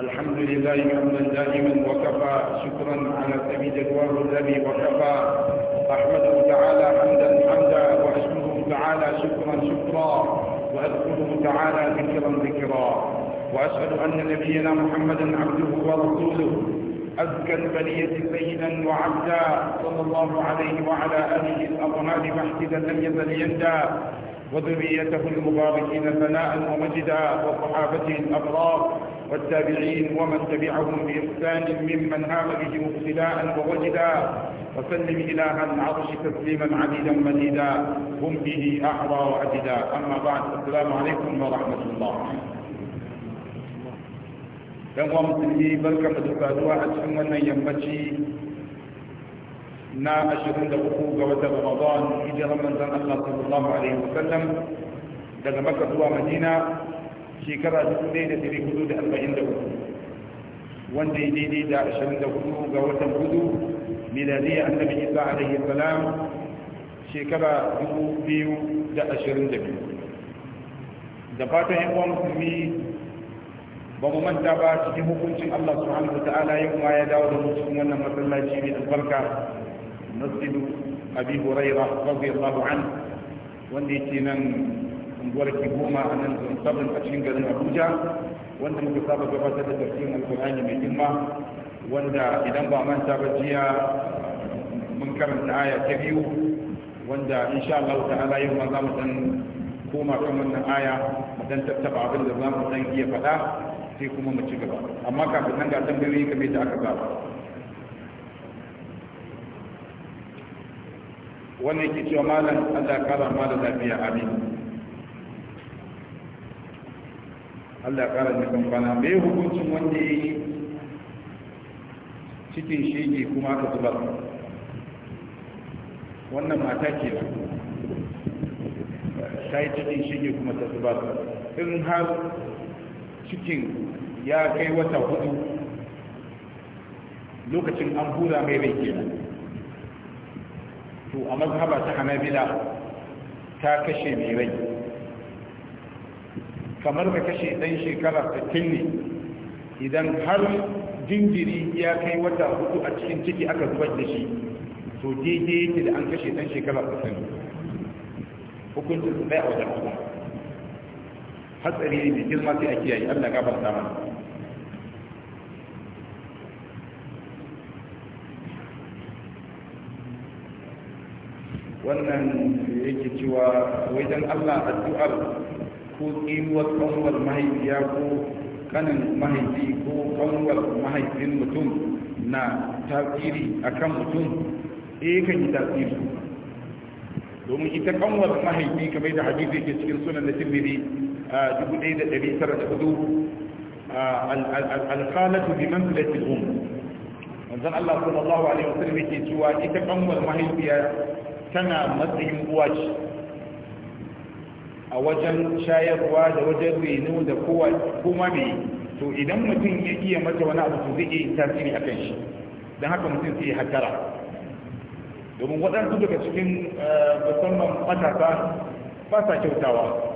الحمد لله حمدا دائما وكفى شكرا على سبيل الوار الذي وكفى احمده تعالى حمدا حمدا واشكره تعالى شكرا شكرا واذكره تعالى ذكرا ذكرا واشهد ان نبينا محمدا عبده ورسوله أزكى البرية سيدا وعبدا صلى الله عليه وعلى آله الأطهار محسدا لم يزل يندى وذريته المباركين ثناء ومجدا وصحابته الأبرار والتابعين ومن تبعهم بإحسان ممن هام به ابتلاء ووجدا وسلم إله العرش تسليما عديدا مديدا هم به أحرى وأجدا أما بعد السلام عليكم ورحمة الله yan uwa musulmi barka da saduwa a cikin wannan yammaci na 23 ga watan ramadan hijirar manzon Allah sallallahu alaihi wasallam daga Makka zuwa Madina shekara duk da da da hudu hudu wanda ya daidai da ashirin da hudu ga watan hudu miladiyya annabi isa alaihi salam shekara dubu biyu da fatan yan uwan musulmi ba mu manta ba cikin hukuncin Allah subhanahu wataala yau ma ya dawo da mu cikin wannan masallaci mai albarka masjidu abi hurairah radiyallahu anhu wanda yake nan unguwar ki goma a nan zon sabon a cikin garin abuja wanda muka saba gabatar da tafsirin alkur'ani mai himma wanda idan ba manta ba jiya mun karanta aya ta biyu wanda insha Allah ta'ala yau ma za mu san koma kan wannan aya mu dan tattaba abin da za mu san iya faɗa sai kuma mu ci gaba amma kafin nan ga tambayoyi kamar da aka saba wannan ke cewa malam Allah kara malam lafiya amin Allah ƙara nufin kamfana. mai hukuncin wanda ya yi cikin ne kuma aka zuba wannan mata ke ba. ta yi cikin ne kuma ta zuba in har cikin ya kai wata hudu lokacin an hura mai rai ke to a mazhaba ta hanabila ta kashe mai rai kamar da kashe ɗan shekara 60 ne idan har jinjiri ya kai wata hudu a cikin ciki aka zubar da shi to daidai yake da an kashe ɗan shekara 60 hukuncin su ɗaya a wajen kuma hatsari ne mai girma sai a kiyaye allah gafarta mana wannan yake cewa wajen allah addu'ar ko tsiruwar kanwar mahaifiya ko kanin mahaifi ko kanwar mahaifin mutum na tasiri a kan mutum eh kan yi tasiri domin ita kanwar mahaifi kamar da hadisi ke cikin sunan da tirmidhi a 1904 alkhalatu bi manzilati al-um manzon Allah sallallahu alaihi wasallam yake cewa ita kanwar mahaifiya tana matsayin uwa ce a wajen shayarwa da wajen renu da kowa kuma me to idan mutum ya iya mata wani abu zai iya tasiri a kan shi don haka mutum sai ya hatara domin waɗansu daga cikin eh, musamman matasa ba sa kyautawa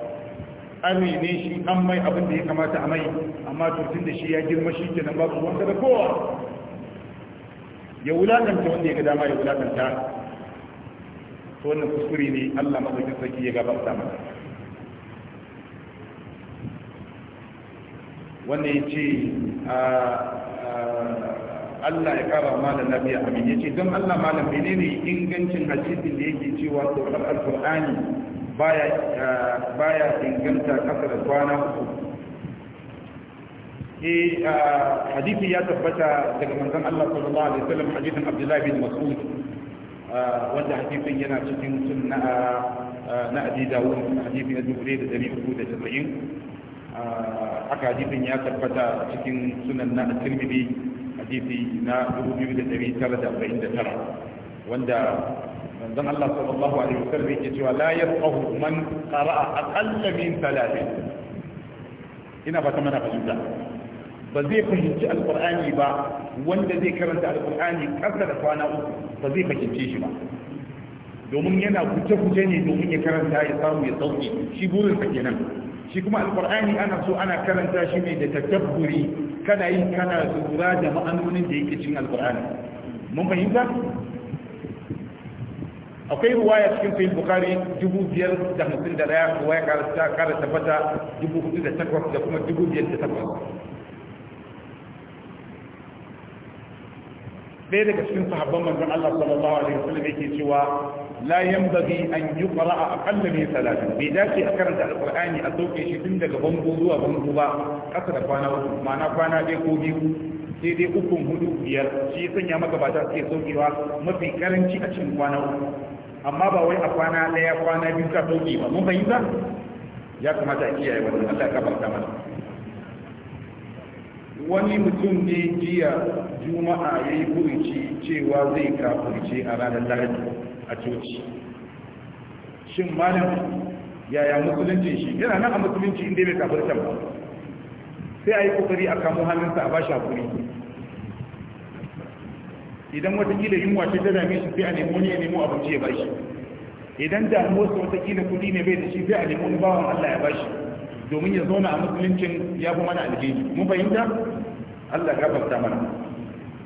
ami ne shi an mai abin da ya kamata a mai amma tutun da shi ya girma shi ke nan babu wanda da kowa ya wulakanta wanda ya ga dama ya wulakanta to wannan kuskure ne Allah madaukakin sarki ya gabata mata wanda ya ce ah, ah, Allah ya kara malam lafiya amin ya ce don Allah malam menene ingancin hadisin da yake cewa tsoron alkur'ani ah, baya inganta kasar kwana uku e hadisi ya tabbata daga manzon Allah sallallahu alaihi wasallam hadisin abdullahi bin Mas'ud wanda hadisin yana cikin sunna na Abi Dawud hadisi na 1370 haka hadisin ya tabbata cikin sunan na tirmidhi hadisi na 2949 wanda manzon Allah sallallahu alaihi wasallam yake cewa la yafqahu man qara'a aqalla min thalathin ina fata mana fahimta ba zai fahimci alqur'ani ba wanda zai karanta alqur'ani kasa da kwana uku ba zai fahimci shi ba domin yana kuce-kuce ne domin ya karanta ya samu ya sauki shi burin burinsa kenan shi kuma alkur'ani ana so ana karanta shi ne da takabburi kana yin kana lura da ma'anonin da yake cikin alkur'ani mun fahimta akwai ruwaya cikin sahih bukhari 5551 ruwaya karanta kara tabbata 4008 da kuma 5508 ɗaya daga cikin sahabban manzon Allah sallallahu alaihi wasallam yake cewa la yanbaghi an yuqra aqalla min salatin bai dace a karanta alqur'ani a sauke shi tun daga bango zuwa bango ba kasa da kwana uku ma'ana kwana ɗaya ko biyu sai dai ukun hudu biyar shi ya sanya magabata suke saukewa mafi karanci a cikin kwana uku amma ba wai a kwana ɗaya kwana biyu ka sauke ba mun fahimta ya kamata a kiyaye wannan Allah ya kafarta mana wani mutum ne jiya juma'a ya yi kurici cewa zai kafurce a ranar lahadi a coci shin malam yaya musulunci shi yana nan a musulunci inda bai kafurcen ba sai a yi kokari a kamo hannunsa a bashi hakuri idan watakila yunwa ce ta dame shi sai a nemo ne ya nemo abinci ya bashi idan da wasu watakila kudi ne bai da shi sai a nemo wani bawan allah ya bashi domin ya zauna a musuluncin ya fi mana alheri mun fahimta Allah gafarta mana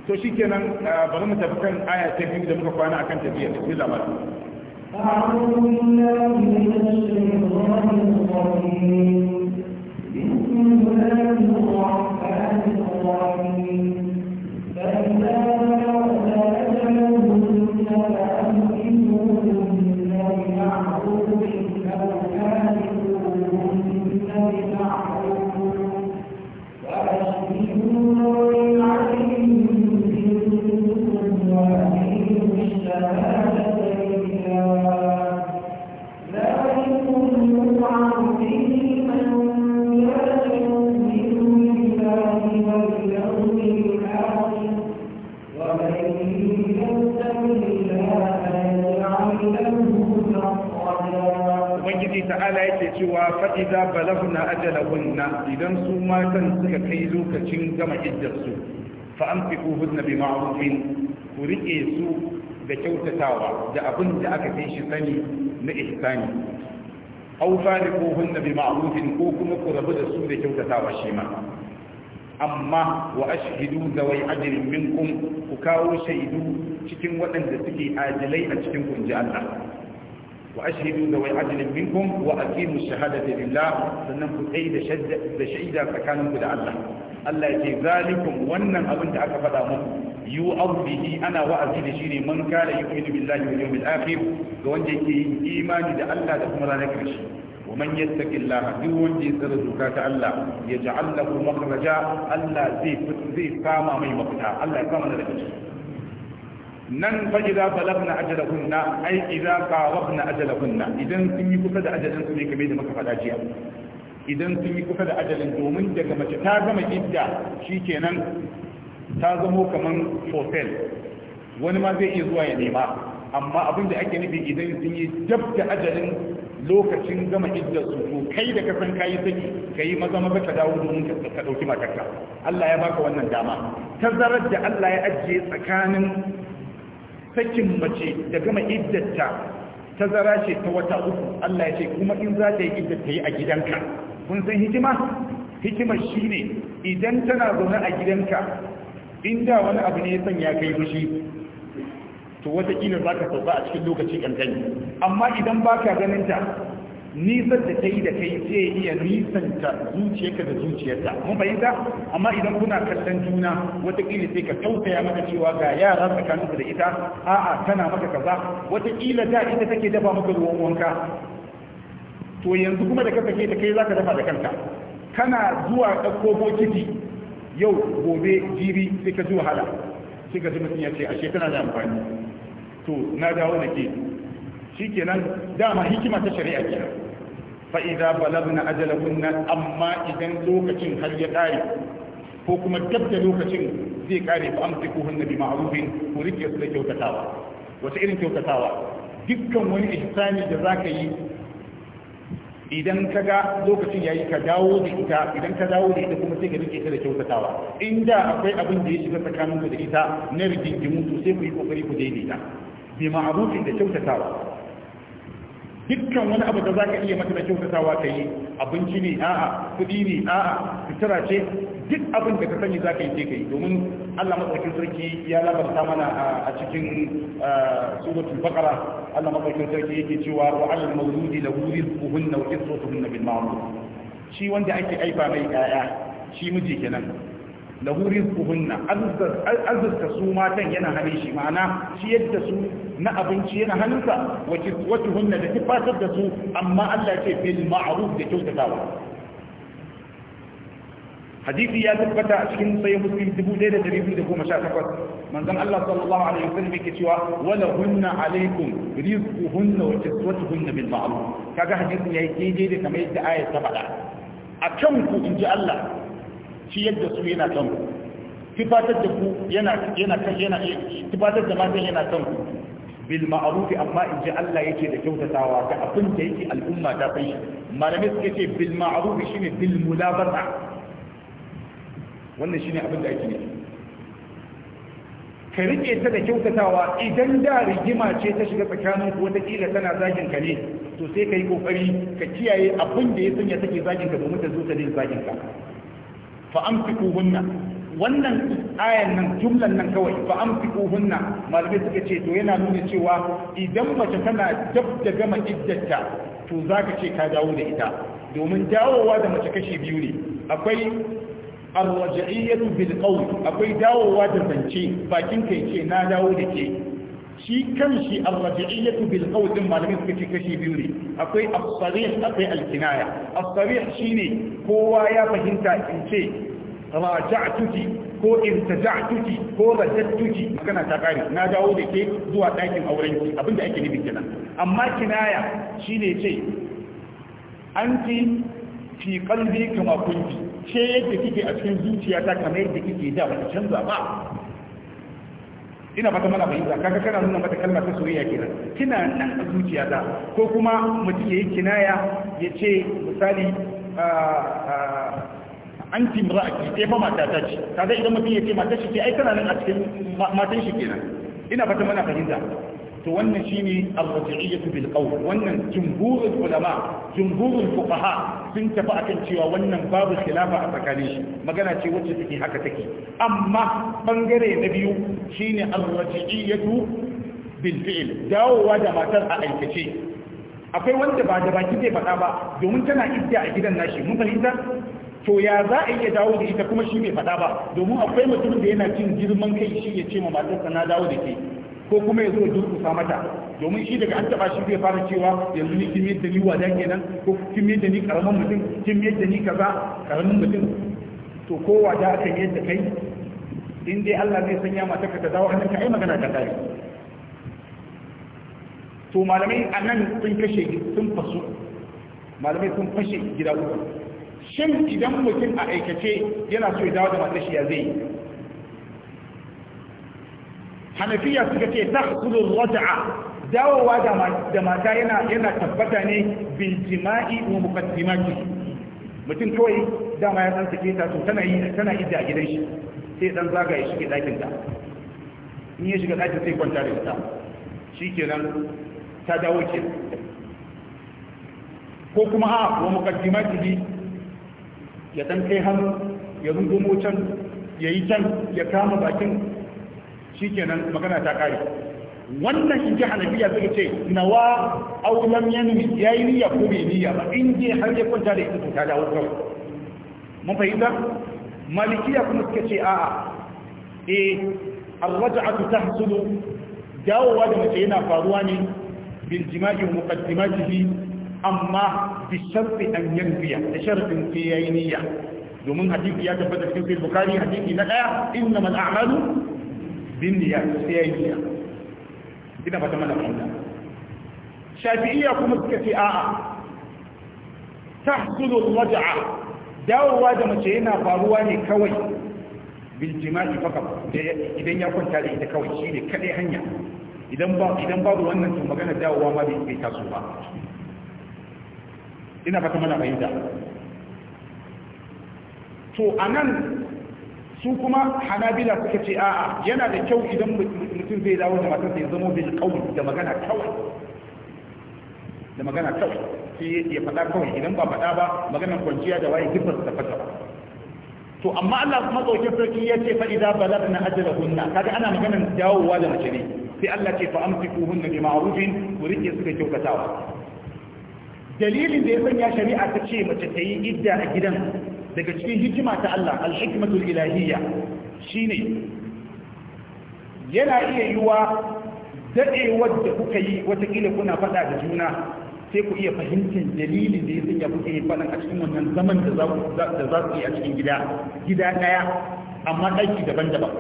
to shikenan bari mu tafi kan aya ta biyu da muka kwana akan tafiya bismillah ma أعوذ بالله من الشيطان الرجيم بسم الله الرحمن الرحيم فإذا idza balaghna ajalahunna idan su matan suka kai lokacin gama fa an fi amsikuhunna bi ma'rufin ku rike su da kyautatawa da abin da aka kai shi sani na ihsani ni fariquhunna bi ma'rufin ko kuma ku rabu da su da kyautatawa shi ma amma wa ashhidu zawai ajrin minkum ku kawo shaidu cikin waɗanda suke ajilai a cikin kunji Allah وأشهدوا ذوي عدل منكم وأقيموا الشهادة لله سننكم أي بشعيدا فكانوا قد الله الله يتي ذلكم ونن أبنت أكفدا منكم يوأر به أنا وأزيد شيني من كان يؤمن بالله واليوم الآخر وأن يكي إيمان دا الله دا كمرا نكرش ومن يتق الله دون دي سر زكاة الله يجعل له مخرجا الله زي زي كاما مي مقتا الله كاما نكرش nan fa idza balagna ajalahunna ai idza qarabna ajalahunna idan sun yi kusa da ajalin su ne kamar da muka faɗa jiya idan sun yi kusa da ajalin domin daga mace ta gama idda shikenan ta zamo kaman hotel wani ma zai iya zuwa ya nema amma abin da ake nufi idan sun yi dab da ajalin lokacin gama idda su to kai da ka san kayi saki kayi maza maza ka dawo domin ka dauki matarka Allah ya baka wannan dama tazarar da Allah ya ajiye tsakanin sakin mace da gama iddata ta zara ce ta wata uku Allah ya ce kuma in za ta yi iddata yi a gidanka kun san hikima hikima shine idan tana zaune a gidanka inda wani abu ne ya sanya kai fushi to wataƙila kila ka sauka a cikin lokaci ƙanƙani amma idan baka ganin ta nisan da kai da kai zai iya nisanta zuciyarka da zuciyarta mun fahimta amma idan kuna kallon juna watakila sai ka tausaya maka cewa ga yara tsakaninsu da ita a'a tana maka kaza watakila ta ita take dafa maka ruwan wanka to yanzu kuma da ka ke ta kai zaka dafa da kanka kana zuwa ɗauko bokiti yau gobe jibi sai ka ji wahala sai ka ji mutum ya ce ashe tana da amfani to na dawo da ke shikenan dama hikima ta shari'a kenan fa idza balagna ajalahunna amma idan lokacin har ya kare ko kuma dab da lokacin zai kare fa amsikuhunna bi ma'rufin ku rike su da kyautatawa wata irin kyautatawa dukkan wani ihsani da zaka yi idan ka ga lokacin yayi ka dawo da ita idan ka dawo da ita kuma sai ka rike ta da kyautatawa inda akwai abin da ya shiga tsakaninku da ita na rigingimu to sai ku yi kokari ku daidaita bi ma'rufin da kyautatawa dukkan wani abu da za zaka iya mata na kyautatawa ka yi abinci ne a'a kuɗi ne a'a fitara ce duk abin da ka sani ka yi kai domin Allah madaukakin sarki ya labarta mana a cikin suratul baqara Allah madaukakin sarki yake cewa wa alal mawludi lahu rizquhunna wa kiswatuhunna bil ma'ruf shi wanda ake aifa mai yaya shi miji kenan lahu rizquhunna azzuka su matan yana hannun shi ma'ana shi yadda su na abinci yana hannunsa wa kiswatuhunna da fatar da su amma Allah ce bil ma'ruf da kyautatawa hadisi ya tabbata a cikin sai muslim 1218 manzon Allah sallallahu alaihi wasallam yake cewa wala hunna alaikum rizquhunna wa kiswatuhunna bil ma'ruf kaga hadisin yayi daidai da kamar yadda ayat ta faɗa a kan ku inji Allah ciyar da su yana kan ku tufatar da ku yana yana yana tufatar da matan yana kan ku bil ma'ruf amma in ji Allah yake da kyautatawa ga abin da yake al'umma ta kai malamai suke ce bil ma'ruf shine bil mulabata wannan shine abin da ake nufi ka rike ta da kyautatawa idan da rigima ce ta shiga tsakanin ku wata kila tana zagin ka ne to sai ka yi kokari ka kiyaye abin da ya sanya take zagin ka domin ta zo ta din zagin ka hunna wannan ayan nan jumlan nan kawai hunna malamai suka ce to yana nuna cewa idan mace tana dab da gama iddata to za ka ce ka dawo da ita domin dawowa da mace kashi biyu ne akwai arwaja'iyyatu bil qawl akwai dawowa da zance bakin kai ce na dawo da ke shi kan shi arrafi'iyyatu bil qawl din malamin suka ce kashi biyu ne akwai as-sarih akwai al-kinaya as-sarih shine kowa ya fahimta in ce raja'tuki ko irtaja'tuki ko rajattuki magana ta kare na dawo da ke zuwa ɗakin auren ki abinda ake nufi kenan amma kinaya shine ce anti fi qalbi kama kunti ce yadda kike a cikin zuciyata kamar yadda kike da wata canza ba ina fata mana bayyana kaga kana nuna mata kalma ta soyayya kenan kina nan a zuciya da ko kuma mutum yayi kinaya ce misali ah, ah, an ti mura'aki sai eh fa mata ta ce kaga idan mutum yake mata shi ke ai tana nan a cikin matan shi kenan ina fata mana bayyana to wannan shine ar-raj'iyyah bil qawl wannan jumhurul ulama jumhurul fuqaha sun tafi akan cewa wannan babu khilafa a tsakanin shi magana ce wacce take haka take amma bangare na biyu shine ar-raj'iyyah bil fi'l dawowa da matar a aikace akwai wanda ba da baki zai faɗa ba domin tana idda a gidan nashi mun fahimta to ya za a iya dawo da ita kuma shi bai faɗa ba domin akwai mutumin da yana cin girman kai shi ya ce ma matarsa na dawo da ke ko kuma ya zo durkusa mata domin shi daga an taba shi zai fara cewa yanzu ni kimiyyar da ni wada kenan ko kimiyyar da ni karamin mutum kimiyyar da ni kaza karamin mutum to ko wada aka yi yadda kai in dai Allah zai sanya mata ka dawo an ka ai magana ta kare to malamai anan sun kashe sun fasu malamai sun fashe gida uku shin idan mutum a aikace yana so ya dawo da matashi shi ya zai hanafiya suka ce ta kudin raja'a dawowa da mata yana yana tabbata ne bil jima'i wa muqaddimati mutum kawai dama ya san sake ta to tana yi tana idda a gidan shi sai dan zaga ya shige dakin ta in ya shiga dakin sai kwanta da ita shikenan ta dawo ke ko kuma a wa muqaddimati ya dan kai hannu ya rungumo can ya yi can ya kama bakin shikenan magana ta kare wannan in ji hanafiya zai ce nawa aulam yanmi yayi niyya ko bai niyya ba in je har ya kwanta da ita to ta dawo kawai mun fahimta malikiya kuma suka ce a'a eh arraja'atu tahsulu dawowa da mace yana faruwa ne bil jima'i muqaddimatihi amma bi sharti an yanbiya da shartin sai yayi niyya domin hadisi ya tabbata cikin bukhari hadisi na daya innamal a'malu bin niyya sai ya yi niyya ina fata mana fahimta shafi'iyya kuma suka ce a'a Ta tahsulu raj'a dawowa da mace yana faruwa ne kawai bin jima'i fakat idan ya kwanta da ita kawai shine kadai hanya idan babu wannan to magana dawowa ma bai taso ba ina fata mana fahimta to a nan. su kuma hanabila suka ce a'a yana da kyau idan mutum zai dawo da matar sai zama bil qawl da magana kawai da magana kawai sai ya faɗa kawai idan ba faɗa ba magana kwanciya da waye duk ba su to amma Allah madaukin sarki ya ce fa idza balagna ajalahunna kaga ana maganar dawowa da mace ne sai Allah ce fa amsikuhunna bi ma'rufin ku rike su da kyautatawa dalilin da ya sanya shari'a ta ce mace ta yi idda a gidan daga cikin hikima ta Allah al-hikmatul ilahiyya shine yana iya yiwa dadewar da kuka yi watakila kuna faɗa da juna sai ku iya fahimtar dalilin da ya sanya kuke yi faɗan a cikin wannan zaman da za su yi a cikin gida gida ɗaya amma ɗaki daban-daban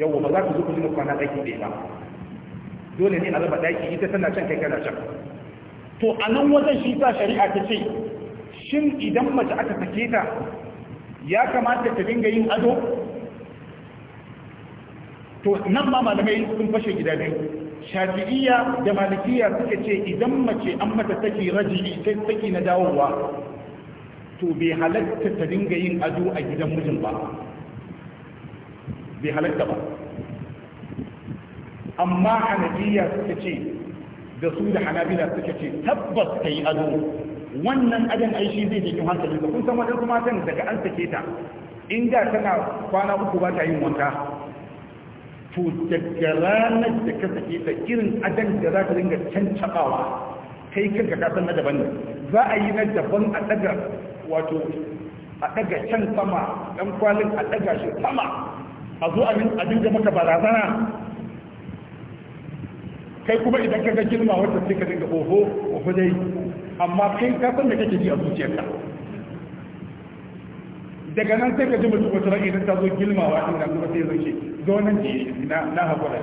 yau ba za ku zo ku zina kwana ɗaki ɗaya ba dole ne a raba ɗaki ita tana can kai kana can to a nan wajen shi ta shari'a ta ce shin idan mace aka sake ta ya kamata ta dinga yin ado to nan ma malamai sun fashe gida biyu shafi'iyya da malikiya suka ce idan mace an mata take raji'i sai take na dawowa to bai halatta ta dinga yin ado a gidan mijin ba bai halatta ba amma hanabiya suka ce da su da hanabila suka ce tabbas ta yi ado wannan adan Aishi zai jikin hankali da kun san wani kuma kan daga an sake ta in da tana kwana uku ba ta yin wanka to daga ranar da ka sake ta irin adan da za ka dinga cancabawa kai kanka ka san na daban ne za a yi na daban a daga wato a daga can sama dan kwalin a daga shi sama a zo a dinga maka barazana kai kuma idan ka ga girma wata sai ka dinga oho oho dai amma kai ka san da kake ji a zuciyarka daga nan sai ka ji mutum wata ran idan ta zo gilmawa a inda kuma sai zance zo nan ji na na da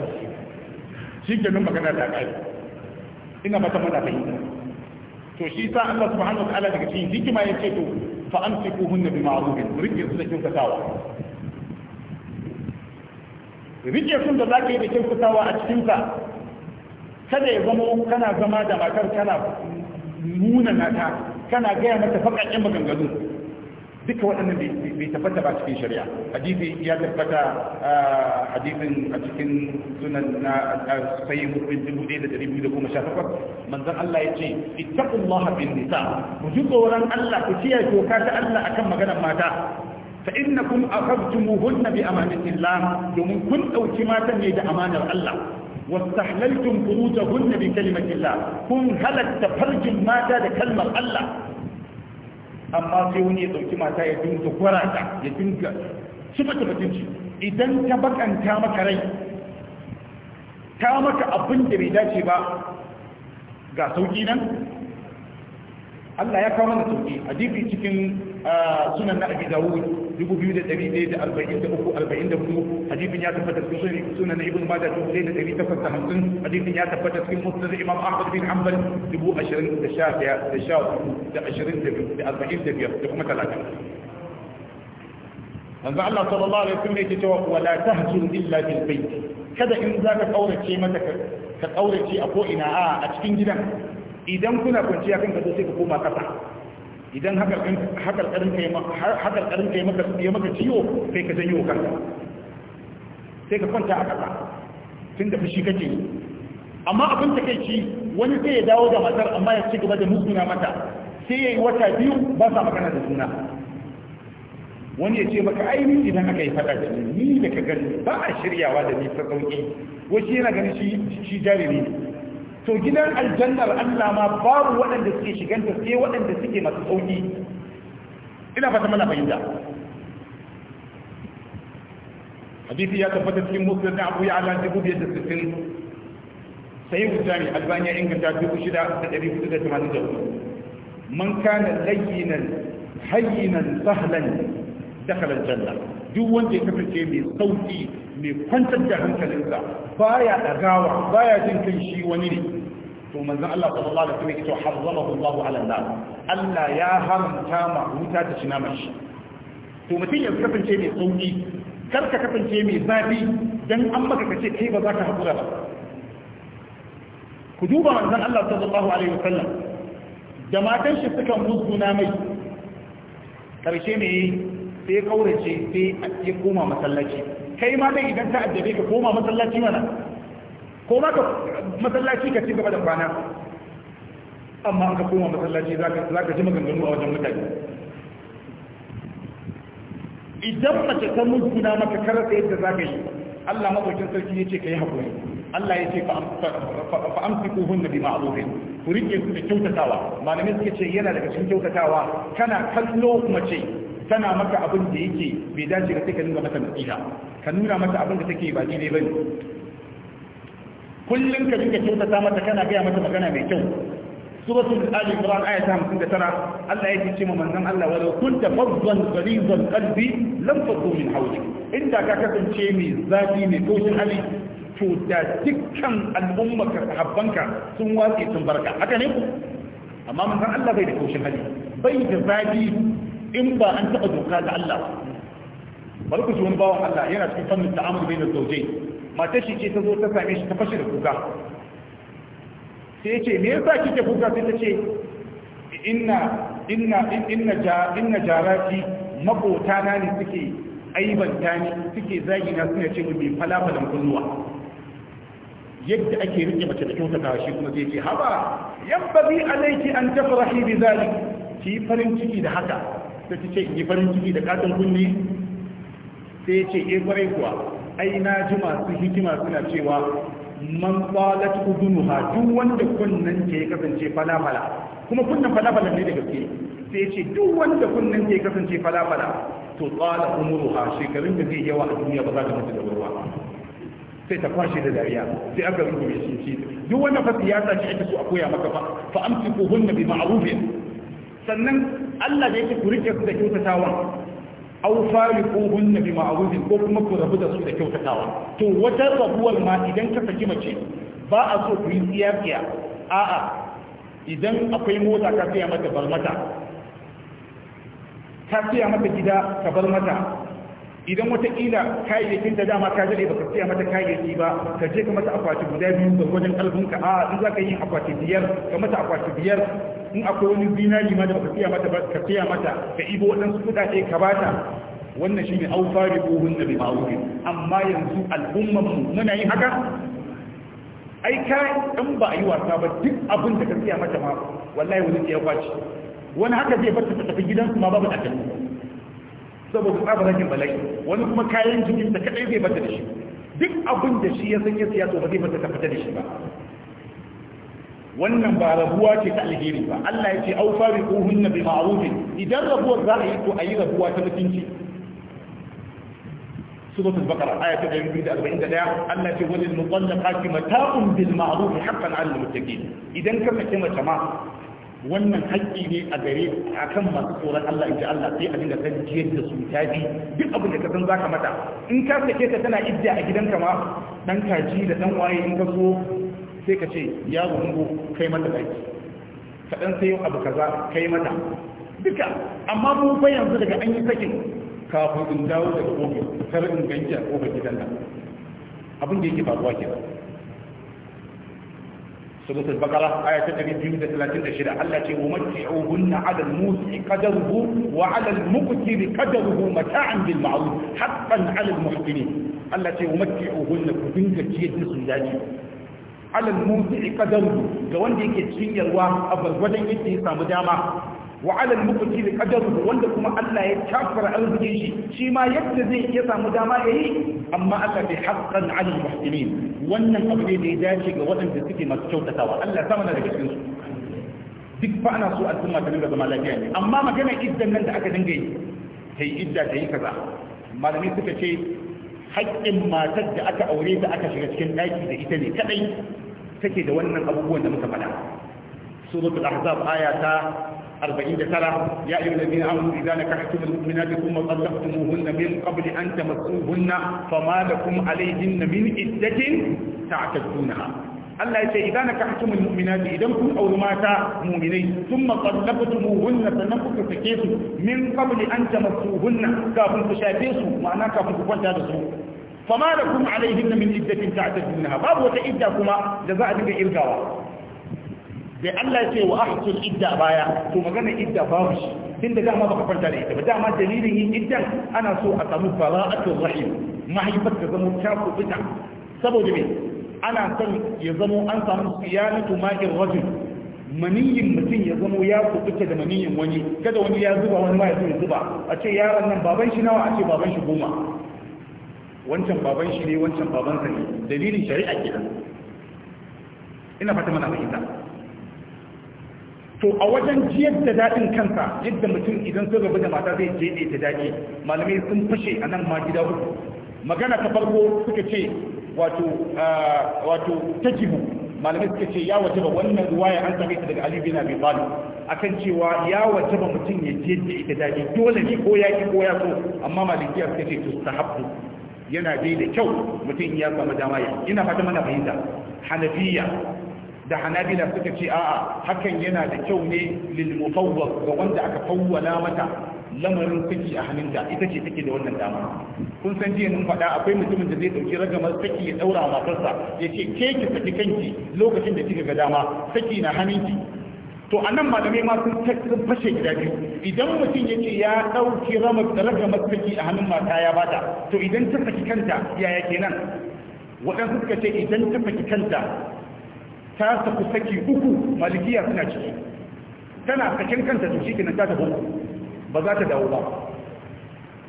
shi ke nun magana da kai ina ba ta yi. to shi sa Allah subhanahu wa ta'ala daga cikin hikima ya ce to fa amsikuhunna bi ma'rufin rike su da kyautatawa rike sun da za ka yi da kyautatawa a cikin kada ya zama kana zama da matar kana nuna nata kana gaya mata faƙaƙen maganganu duka waɗannan bai tabbata ba cikin shari'a hadisi ya tabbata ah, hadisin a cikin sunan na sai mutum dubu ɗaya da ɗari biyu da goma sha takwas manzon Allah ya ce ittaqullaha bin nisa ku ji tsoron Allah ku kiyaye doka ta Allah akan maganar mata fa innakum akhadtumuhunna bi amanatillah domin kun dauki mata ne da amanar Allah واستحللتم فروجهن بكلمة الله كن هلك تفرج ما تاد كلمة الله أما سيوني يدوكي ما تاد يدونك وراتا يدونك شبك بتنشي إذن تبك أن تامك ري تامك أبن دريداتي با ga sauki nan Allah ya kawo mana sauki hadisi cikin sunan na Abi Dawud 2143 hadisin ya tabbata cikin sunan Ibn Majah 1850 hadisin ya tabbata cikin Musnad Imam Ahmad bin Hanbal 20 da shafiya da shafi da 20 da 45 da kuma 30 manzo Allah sallallahu alaihi wasallam yake cewa wala tahzun illa bil bayt kada in zaka kaurace mata ka kaurace a ko ina a cikin gidan idan kuna kwanciya kan gado sai ka koma kasa idan hakarkarin ka ya maka ciwo sai ka janyo kanka sai ka kwanta a kasa tun da fushi kake amma abin ta kai ci wani sai ya dawo da matar amma ya ci gaba da musuna mata sai ya yi wata biyu ba sa magana da suna wani ya ce maka ainihin idan aka yi fada da ni da ka gani ba a shiryawa da ni ta sauki wasu yana ganin shi jariri to gidan aljannar Allah ma babu waɗanda suke shiganta sai waɗanda suke masu sauki ina fata mana fahimta hadisi ya tabbata cikin musulun na abu ya ala dubu biyar da sittin sai hujjani albaniya inganta dubu shida da ɗari hudu da tamanin da hudu man kana layyinan hayyinan sahlan dakhala aljanna duk wanda ya kasance mai sauki mai kwantar da hankalinsa baya dagawa baya jin kan shi wani ne to manzon Allah sallallahu alaihi wasallam ya ce harramahu Allah ala nar Allah ya haramta ma wuta ta cina mashi to mutum ya kasance mai sauki kar ka kasance mai zafi dan an maka kace kai ba za ka hakura ba ku duba manzon Allah sallallahu alaihi wasallam da matan shi suka musguna mai karshe ne sai kaurace sai ya koma masallaci kai ma dai idan ta addabe ka koma masallaci mana ko ma ka masallaci ka ci gaba da kwana amma an ka koma masallaci za ka ji maganganu a wajen mutane idan mace ta mutuna maka karasa yadda za ka yi Allah mabokin sarki ya ce ka yi haƙuri Allah ya ce fa'amsiku hunna bi ma'arufin ku riƙe su da kyautatawa malamin suka ce yana daga cikin kyautatawa kana kallo mace tana maka abin da yake bai dace ga take nuna mata nasiha ka nuna mata abin da take ba daidai bane kullum ka dinga kyautata mata kana gaya mata magana mai kyau suratul ali imran aya ta 59 Allah yake cewa manzon Allah walau kunta faddan ghalidhan qalbi lam faddu min hawlik inda ka kasance mai zafi mai kaushin hali to da dukkan al'ummarka sahabbanka sun watse sun barka haka ne amma manzon Allah bai da kaushin hali bai da zafi in ba an taɓa doka da Allah ba bari ku ji bawan Allah yana cikin fannin ta'amul bai da zaujai matar shi ce ta zo ta same shi ta fashe da kuka sai ya ce me yasa kike kuka sai ta ce inna inna inna ja inna jarati makota ne suke aibanta ni suke zagina suna ce mai falafalan kunnuwa. yadda ake rike mace da kyautata shi kuma zai ce haba yabba yabbazi alaiki an tafrahi bi zalik ki farin ciki da haka sai ta ce in yi farin ciki da katon kunne sai ce e kwarai kuwa ai na ji masu hikima suna cewa man qalat udunuha duk wanda kunnan ke kasance falafala kuma kunnan falafala ne da gaske sai ce duk wanda kunnan ke kasance falafala to qala umruha shekarun da zai yawa a duniya ba za ta mutu da ruwa sai ta kwashe da dariya sai aka rubuce shi duk wanda fa siyasa ce ake so a koya maka fa fa amsiku hunna bi ma'rufin sannan Allah da yake ku su da kyautatawa aw fariquhunna bi ma'rufin ko kuma ku rabu da su da kyautatawa to wata rabuwar ma idan ka saki mace ba a so ku yi tsiyafiya a'a idan akwai mota ka siya mata bar mata ka siya mata gida ka bar mata idan kila kayayyakin da dama ka jade baka siya mata kayayyaki ba ka je ka mata akwati guda biyu da wajen albunka a in za ka yi akwati biyar ka mata akwati biyar in akwai wani zinari ma da baka siya mata ba ka siya mata ka ibo waɗansu kuɗaɗe ka ba ta. wannan shi ne an fari buhun da bai ma'auri amma yanzu al'ummanmu muna yi haka ai ka ɗan ba a yi wasa ba duk abin da ka siya mata ma wallahi wani ya kwaci wani haka zai bar ta tafi gidansu ma babu ajalu saboda tsabarakin bala'i wani kuma kayan jikin da kaɗai zai bar da shi duk abin da shi ya san ya siya to ba zai bar ta fita da shi ba wannan ba rabuwa ce ta alheri ba Allah ya ce au fariquhunna bi ma'rufin idan rabuwar za a yi to ayi rabuwa ta mutunci suratul baqara aya ta 241 Allah ya ce walil mutallaqati mata'un bil ma'ruf haqqan 'alal muttaqin idan ka mace mace ma wannan haƙƙi ne a gare akan masu tsoron Allah inji Allah sai a dinga san jiyar da su taji duk abin da ka san za ka mata in ka sake ta tana idda a gidanka ma dan kaji da ɗan waye in ka so sai ka ce ya rungo kai mata baki kaɗan sai yau abu kaza kai mata duka amma mu fa yanzu daga an yi sakin kafin in dawo daga ofis kar in ganki a kofar gidan nan abin da yake faruwa ke سورة البقرة آية 236 التي ومتعوهن على الموسع قدره وعلى المقتر قدره متاعا بالمعروف حقا على المحسنين التي ومتعوهن كبنك جيد نسو ذاتي alal musi'i qadaru ga wanda yake cinyarwa a gwargwadon yadda ya samu dama wa alal muqtili qadaru wanda kuma Allah ya kafara arzikin shi shi ma yadda zai iya samu dama yayi amma aka bi haqqan alal muhsinin wannan abu ne da ya dace ga waɗanda suke masu kyautatawa Allah ya na daga cikin su duk fa ana so al'umma ta dinga zama lafiya ne amma magana iddan nan da aka dinga yi kai idda ta yi kaza malamai suka ce haƙƙin matar da aka aure ta aka shiga cikin ɗaki da ita ne kadai take da wannan abubuwan da muka faɗa suratul ahzab aya ta 49 ya ayyuhal ladina amanu idza nakahtumul mu'minati thumma talaqtumuhunna min qabli an tamassuhunna fama lakum alayhinna min iddatin ta'tadunaha Allah ya ce idan na kahtum almu'minati idan kun auri mata mu'minai thumma talaqtumuhunna sannan kuka sake su min qabli an tamassuhunna kafin ku shafe su ma'ana kafin ku kwanta da su fama da kuma alaihin min iddatin ta ta dunna babu wata idda kuma da za a dinga irgawa da Allah ce wa ahsul idda baya to magana idda babu shi tun da dama baka kwanta da ita ba dama dalilin yin iddan ana so a samu bara'atul rahim mahaifar ta ta kubuta saboda me ana son ya zamo an samu siyanatu ma'in rajul maniyin mutum ya zamo ya kubuta da maniyin wani kada wani ya zuba wani ma ya ya zuba a ce yaron nan baban shi nawa a ce baban shi goma wancan baban shi ne wancan babansa ne dalilin shari'a kenan ina fata mana fahimta to a wajen jiyar da daɗin kansa yadda mutum idan sun rabu da mata zai jeɗe ta daɗi malamai sun fashe a nan ma gida uku magana ta farko suka ce wato wato tajibu malamai suka ce ya ba wannan ruwaya an same ta daga Ali bin Abi Talib akan cewa ya ba mutum ya jeɗe ta daɗi dole ne ko ya ki ko ya so amma malikiya suka ce to sahabbu yana dai da kyau mutum ya samu dama ya ina fata mana fahimta hanafiya da hanabila suka ce a'a hakan yana da kyau ne lil mufawwad ga wanda aka fawwala mata lamarin saki a hannunta ita ce take da wannan dama kun san jiya mun faɗa akwai mutumin da zai ɗauki ragamar saki ya ɗaura matarsa ya ce ke ki saki kanki lokacin da kika ga dama saki na hannunki to a nan malamai ma sun fashe gida biyu idan mutum ya ce ya ɗauki raga matsaki a hannun mata ya bata to idan ta saki kanta yaya kenan waɗansu suka ce idan ta saki kanta ta saku saki uku malikiya suna ciki tana sakin kanta to shi kenan ta tafi ba za ta dawo ba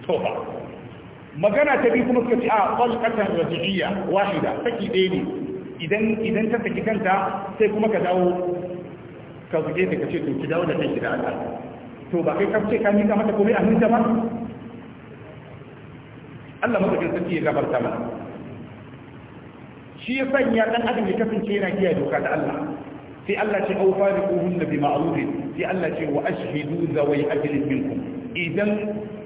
to ba magana ta biyu kuma suka ce a ah, ƙwalƙatar raji'iyya wahida saki ɗaya ne idan ta saki kanta sai kuma ka dawo ka zuke ta kace to ki dawo da kanki da Allah to ba kai ka ce ka mika mata komai a hannunta ba Allah madaukakin sarki ya gabarta mana shi ya sanya dan adam ya kasance yana kiyaye doka da Allah sai Allah ce au fariquhunna bi ma'ruf sai Allah ce wa ashhidu zawai ajlin minkum idan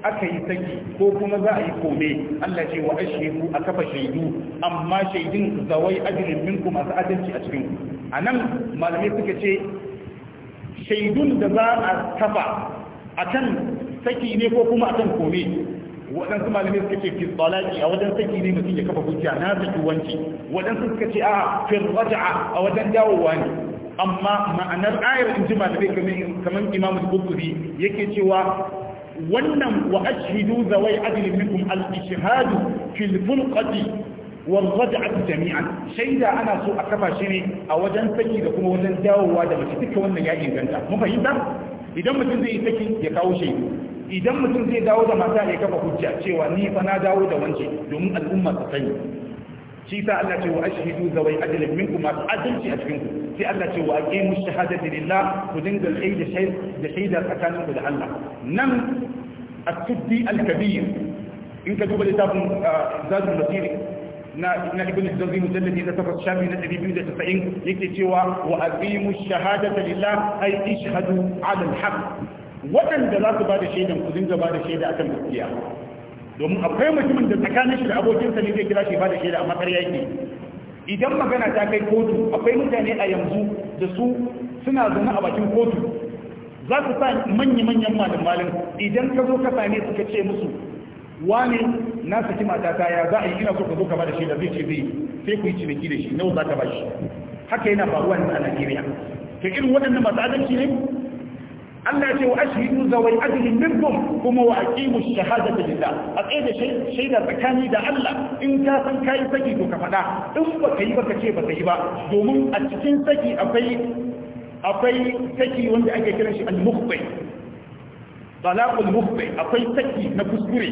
aka yi saki ko kuma za a yi kome Allah ce wa ashhidu a kafa shaidu amma shaidin zawai ajlin minkum masu adalci a cikin A nan malamai suka ce shaidun da za a kafa akan saki ne ko kuma akan kome waɗansu malamai suka ce fi a wajen saki ne mutum ya kafa hujja na saki wanci waɗansu suka ce a fi raja'a a wajen dawowa ne amma ma'anar ayar in ji malamai kamar imamu bukuri yake cewa wannan wa ashhidu zawai adli minkum al-ishhadu fil fulqati warzajat jami'an shaida ana so a kafa shi ne a wajen saki da kuma wajen dawowa da mace duka wannan yakin ganta mun fahimta idan mutum zai saki ya kawo shi idan mutum zai dawo da mata ya kafa hujja cewa ni fa na dawo da wance domin al'umma ta sani shi Allah ce wa ashhidu zawai ajlan minkum ma adalci a cikin sai Allah ce wa aqimu shahadati lillah ku dinga kai da shaida da tsakanin ku da Allah nan at-tuddi al-kabir in ka duba littafin zazu nasiri na na ibn jawzi mujalladi na takwas shafi na 290 yake cewa wa aqimu shahadata lillah ay ishhadu ala alhaq waɗanda za su ba da shaidan ku dinga ba da shaida akan gaskiya domin akwai mutumin da tsakanin shi da abokinsa ne zai kira shi ba da shaida amma matsar yake. idan magana ta kai kotu akwai mutane a yanzu da su suna zaune a bakin kotu za su sa manya-manyan malamalin idan ka zo ka same suka ce musu wane na saki ta ya za a yi ina so ka zo ka da shi da zai ce zai sai ku yi ciniki da shi nawa za ka bashi? haka yana faruwa a Najeriya to irin waɗannan masu adalci ne Allah ya ce wa ashhidu zawai adlin minkum kuma wa aqimu shahadata lillah a tsaye da shaida tsakani da Allah in ka san kai saki to ka faɗa in ba ka yi ba ka ce ba ka yi ba domin a cikin saki akwai akwai saki wanda ake kiran shi al-mukhti talaqul mukhti akwai saki na kuskure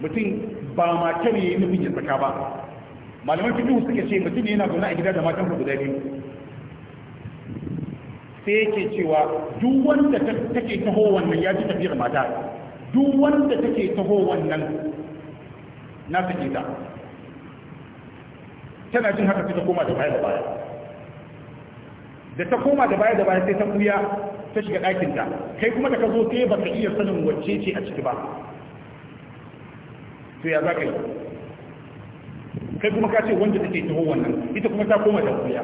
mutum ba matar ya yi nufin ya saka ba malaman fiƙi suka ce mutum yana zaune a gida da matan ku guda biyu sai yake cewa duk wanda take taho wannan ya ji tafiyar mata duk wanda take taho wannan na sake ta tana jin haka sai ta koma da baya da baya da ta koma da baya da baya sai ta kuya ta shiga ɗakinta kai kuma da ka zo sai ba ka iya sanin wacce ce a ciki ba to ya za ka yi kai kuma ka ce wanda take taho wannan ita kuma ta koma da kuya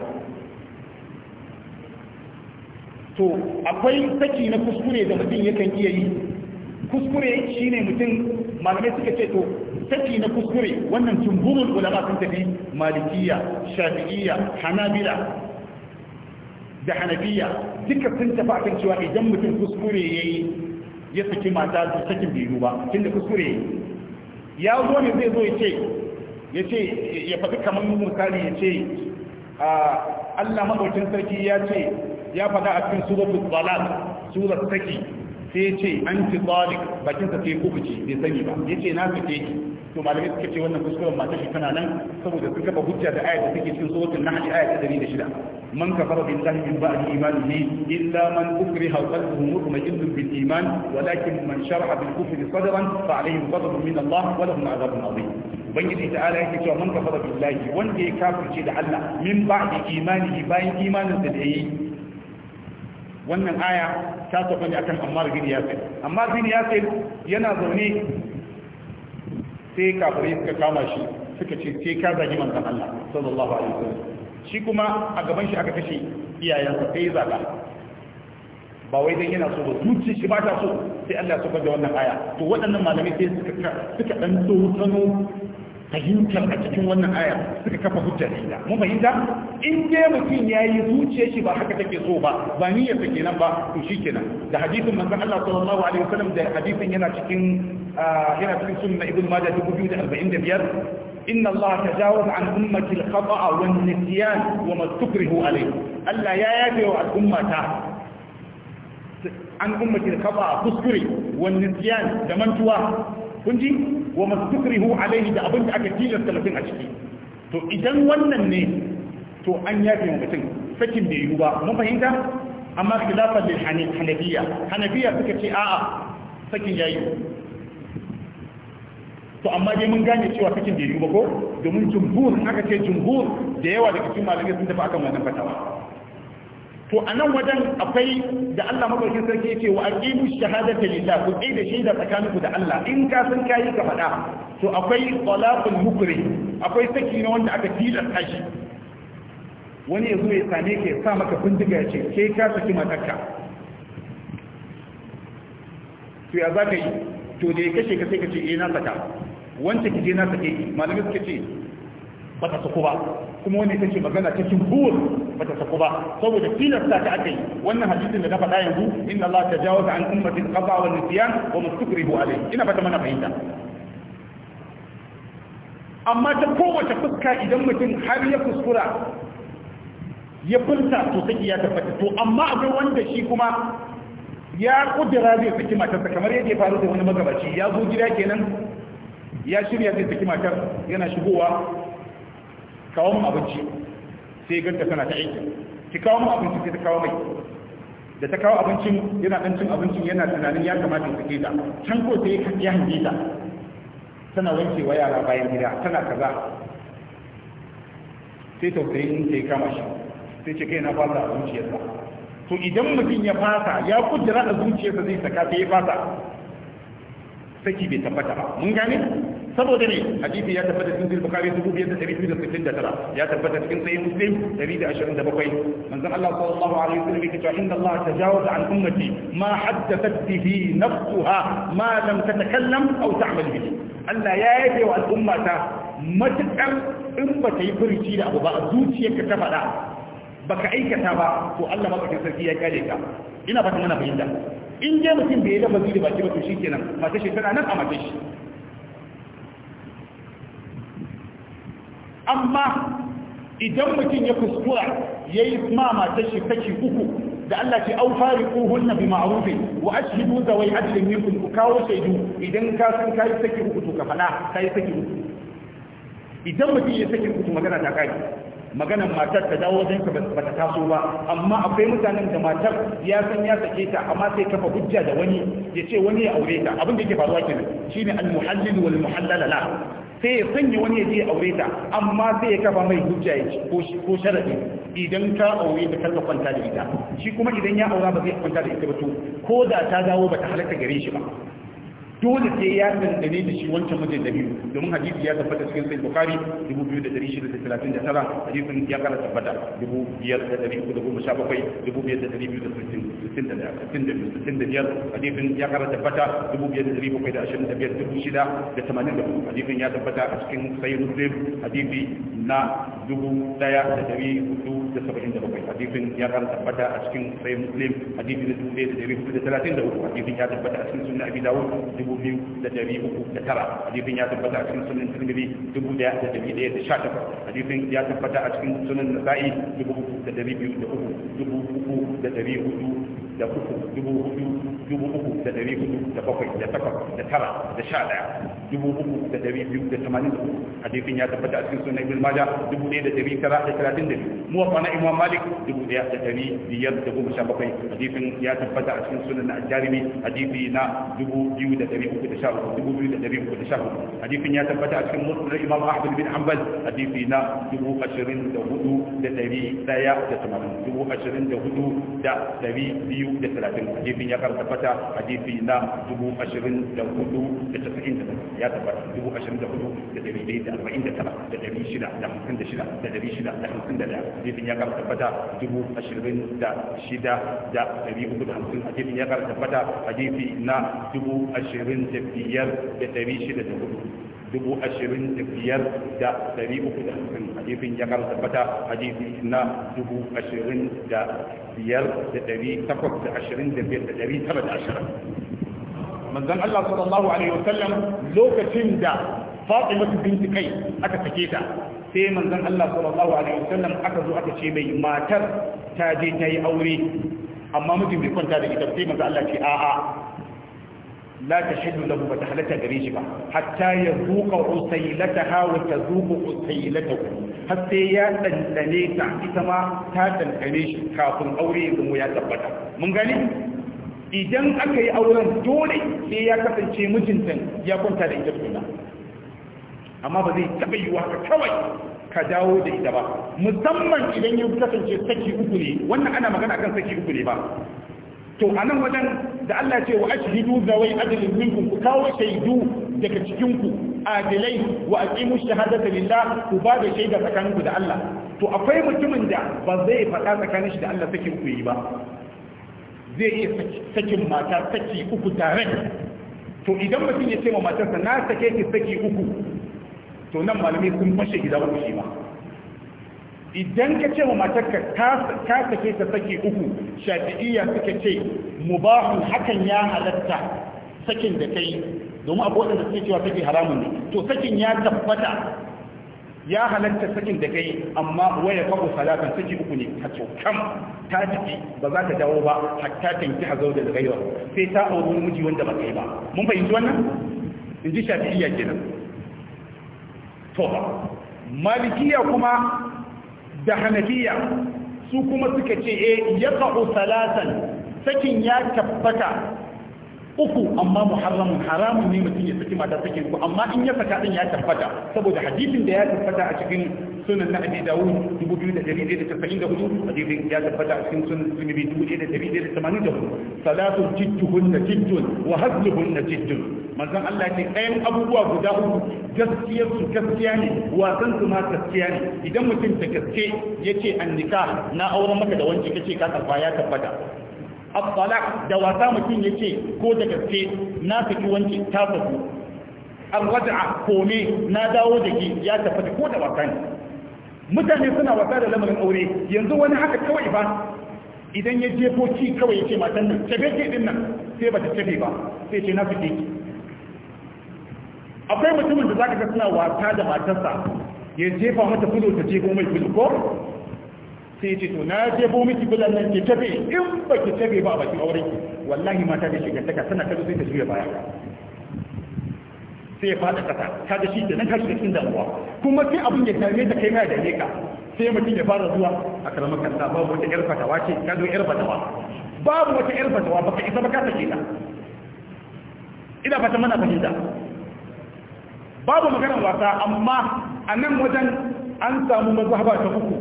to akwai saki na kuskure da mutum yakan iya yi kuskure shine mutum malamai suka ce to saki na kuskure wannan jumhurul ulama sun tafi malikiya shafi'iyya hanabila da hanabiya duka sun tafi akan cewa idan mutum kuskure yayi ya saki mata su sakin biyu ba tun da kuskure yayi ya zo ne zai zo ya ce ya ce ya faɗi kamar misali ya ce Allah maɗaukin sarki ya ce ya faɗa a cikin suratul talaq surat saki sai ya ce an ci tsarik bakinsa sai kuka ce bai sani ba ya ce na sake ki to malamai suka ce wannan kuskuren matar shi tana nan saboda suka ba hujja da ayat da take cikin suratul nahl ayat ta 106 man kafara billahi min ba'di imanihi illa man ukriha qalbuhu mutma'innun bil iman walakin man sharaha bil kufri sadran fa alayhim ghadabun min Allah wa lahum 'adabun 'azim ubangiji ta'ala yake cewa man kafara billahi wanda ya kafirce da Allah min ba'di imanihi bayan imaninsa da yayi wannan aya ta tafi ne akan Ammar bin Yasir Ammar bin Yasir yana zaune sai kafirai suka kama shi suka ce sai ka zagi manzon Allah sallallahu alaihi wasallam shi kuma a gaban shi aka kashe iyayensa sai zaga ba wai dan yana so ba zuci shi ba ta so sai Allah ya saukar da wannan aya to waɗannan malamai sai suka suka dan tsano fahimtar a cikin wannan aya suka kafa hujjar ila mun fahimta in dai mutum ya yi zuciyar shi ba haka take so ba ba niyyar ta kenan ba to shikenan da hadisin manzon Allah sallallahu alaihi wasallam da hadisin yana cikin yana cikin sunna ibn majah 2045 إن الله تجاوز عن أمة الخطأ والنسيان وما استكره عليه ألا يا يدعو الأمة عن أمة الخطأ تذكري والنسيان دمن توا كنجي وما استكره عليه ده أبنت أكتيل الثلاثين أشكي تو إذن ونن ني تو أن يدعو مكتن فكن بيوبا مفهين ده أما خلافا للحنفية حنفية فكتي آآ آه. فكن يايو to amma dai mun gane cewa sakin da yi ko domin jumhur aka ce jumhur da yawa daga cikin malamai sun tafi akan wannan fatawa to a nan wajen akwai da Allah mabarkin sarki yake wa aqimu shahadata lillah ku da shaida tsakaninku da Allah in ka san kai ka faɗa to akwai talaqul mukri akwai saki na wanda aka tilar tashi wani yazo ya same ka ya sa maka bindiga ya ce ke ka saki matarka to ya zaka yi to da ya kashe ka sai ka ce eh na saka wanda kije na sake malamai suke ce ba ta saku ba kuma wani kace magana ta jumhur ba ta saku ba saboda tilasta ta akai wannan hadisin da na faɗa yanzu inna Allah ta tajawaza an ummati al-qada wal nisyan wa mustakrihu alayhi ina fata mana fahimta amma ta kowace fuska idan mutum har ya kuskura ya furta to sai ya tabbata to amma akwai wanda shi kuma ya kudura zai saki matarsa kamar yadda ya faru da wani magabaci ya zo gida kenan ya shirya zai saki matar yana shigowa kawo mu abinci sai ganta tana ta aiki ki kawo mu abinci sai ta kawo mai da ta kawo abincin yana dan cin abincin yana tunanin ya kamata ya sake ta can ko sai ya hange ta tana wankewa yara bayan gida tana kaza sai ta in ta ya kama shi sai ce kai na fasa ya sa to idan mutum ya fasa ya kudura da zuciyarsa zai saka sai ya fasa saki bai tabbata ba mun gane saboda ne hadisi ya tabbata cikin sahih bukhari 2269 ya tabbata cikin sahih muslim 127 manzon Allah sallallahu alaihi wasallam yake cewa inna Allah tajawaza an ummati ma haddathat bihi nafsuha ma lam tatakallam aw ta'mal bihi Allah ya yaje wa al'ummata matukar in ba ta yi furuci da abu ba a zuciyarka ta faɗa baka aikata ba to Allah madaukakin sarki ya kare ka ina fata muna fahimta in je mutum bai da bazi da baki ba to shikenan mata shi tana nan a mata shi amma idan mutum ya kuskura yayi ma mata shi kaci uku da Allah ce au na bi ma'ruf wa ashhidu wai adlin minkum ku kawo shaidu idan ka san kai saki uku to ka fada kai saki uku idan mutum ya saki uku magana ta kai maganar matar ta dawo wajen ka ba ta taso ba amma akwai mutanen da matar ya san ya sake ta amma sai kafa hujja da wani ya ce wani ya aure ta abin da yake faruwa kenan shine al muhallil wal muhallala la sai ya sanya wani ya je aure ta amma sai ya kafa mai hujja ya ci ko sharadi idan ka aure ta ka kwanta da ita shi kuma idan ya aura ba zai kwanta da ita ba to ko da ta dawo ba ta halaka gare shi ba dole sai ya dangane da shi wancan mijin da biyu domin hadisi ya tabbata cikin sai bukari 2639 hadisin ya kara tabbata 5317 hadisin ya kara tabbata 2725 hadisin ya tabbata a cikin sai muslim hadisi na 1477 hadisin ya kara tabbata a cikin sai muslim hadisi na 1433 hadisin ya tabbata a cikin sunna abi dawud biyu da dari uku da tara hadisin ya tabbata a cikin sunan tirmidhi dubu daya da dari daya da sha takwas hadisin ya tabbata a cikin sunan nasa'i dubu uku da dari biyu da uku dubu uku da dari hudu da uku dubu hudu dubu uku da dari hudu da bakwai da takwas da tara da sha daya dubu uku da dari biyu da tamanin da uku hadisin ya tabbata a cikin sunan ibn maja dubu ɗaya da dari tara da talatin da biyu mu wa na imam malik dubu ɗaya da dari biyar da goma sha bakwai hadisin ya tabbata a cikin sunan al-jarimi hadisi na dubu biyu da dari uku da sha uku dubu biyu da dari uku da sha uku hadisin ya tabbata a cikin musulun imam ahmad bin hanbal hadisi na dubu ashirin da hudu da dari ɗaya da tamanin dubu ashirin da hudu da dari biyu biyu da talatin a hadisin ya karanta fata hadisi na dubu ashirin da hudu da tasirin da ya tabbata dubu ashirin da hudu da dari ɗaya da arba'in da tara da dari shida da hamsin da shida da dari shida da hamsin da ɗaya hadisin ya karanta fata dubu ashirin da shida da dari uku da hamsin a hadisin ya karanta fata hadisi na dubu ashirin da biyar da dari shida da hudu dubu ashirin da biyar da dari uku da hamsin hadisin ya kara tabbata hadisi na dubu ashirin da biyar da dari takwas da ashirin da biyar da dari tara da ashirin manzon Allah sallallahu alaihi wasallam lokacin da Fatima binti kai aka sake ta sai manzan Allah sallallahu alaihi wasallam aka zo aka ce mai matar ta je ta yi aure amma mutum bai kwanta da ita sai manzon Allah ce a'a la tahillu lahu ba ta halatta gare shi ba hatta ya zuqa usailataha wa tazuqu usailatahu har sai ya dandane ta ita ma ta dandane shi kafin aure ya ya tabbata mun gani idan aka yi auren dole sai ya kasance mijinta ya kwanta da ita amma ba zai taɓa yiwuwa ka kawai ka dawo da ita ba musamman idan ya kasance saki uku ne wannan ana magana akan saki uku ne ba to a nan wajen da Allah ce wa ashhidu zawai adalin minkum ku kawo shaidu daga cikin ku adilai wa aqimu shahadata lillah ku ba da shaida tsakaninku da Allah to akwai mutumin da ba zai faɗa tsakanin shi da Allah sakin ku yi ba zai iya sakin mata saki uku tare to idan mutum ya ce wa matarsa na sake ki saki uku to nan malamai sun fashe gida uku shi ba idan ka ce wa matarka ka sake ta sake uku shafi'iyya suka ce mubahun hakan ya halatta sakin da kai domin abu waɗanda suke cewa sake haramun ne to sakin ya tabbata ya halatta sakin da kai amma waya faɗo salatan saki uku ne ka kam ta jiki ba za ta dawo ba hatta kan a hazo da gaiwa sai ta auri miji wanda ba kai ba mun fahimci wannan in ji shafi'iyya kenan to malikiya kuma da hanafiya su kuma suka ce e eh, ya ka'u salatan sakin ya tabbata uku amma muharramun haramun ne mutum ya saki mata sakin ku amma in ya saka din ya tabbata saboda hadisin da ya tabbata a cikin sunan na Abi Dawud hudu hadisin ya tabbata a cikin sunan dubu da da da dari Tirmidhi 1184 salatu jidduhunna jiddun wa hadluhunna jiddun mazan Allah ce ɗayan abubuwa guda uku gaskiyar su gaskiya ne wasan su ma gaskiya ne idan mutum da gaske ya ce an nika na auren maka da ka kace ka tafa ya tabbata abdalak da wasa mutum ya ce ko da gaske na saki wanci ta An arwaja kome na dawo da ke ya tabbata ko da wasa ne mutane suna wasa da lamarin aure yanzu wani haka kawai ba idan ya jefo ci kawai ya ce matan nan tafe ke din nan sai ba ta tafe ba sai ce na fi ke akwai mutumin da za ka suna wata da matarsa ya jefa mata fulo ta ce mai fulo ko sai ce to na jefo miki bulan nan ke tabe in ba ki tabe ba a bakin auren ki wallahi mata da shiga taka tana kado sai ta juya baya sai ya fada kasa ta da shi kenan kashi da cikin damuwa kuma sai abin ya same ta kai mai da ne ka sai mutum ya fara zuwa a karamar kanta babu wata yar fatawa ce kado yar fatawa babu wata yar fatawa baka isa ba ka sake ta ina fata mana fahimta babu maganar wasa amma a nan wajen an samu mazhaba ta uku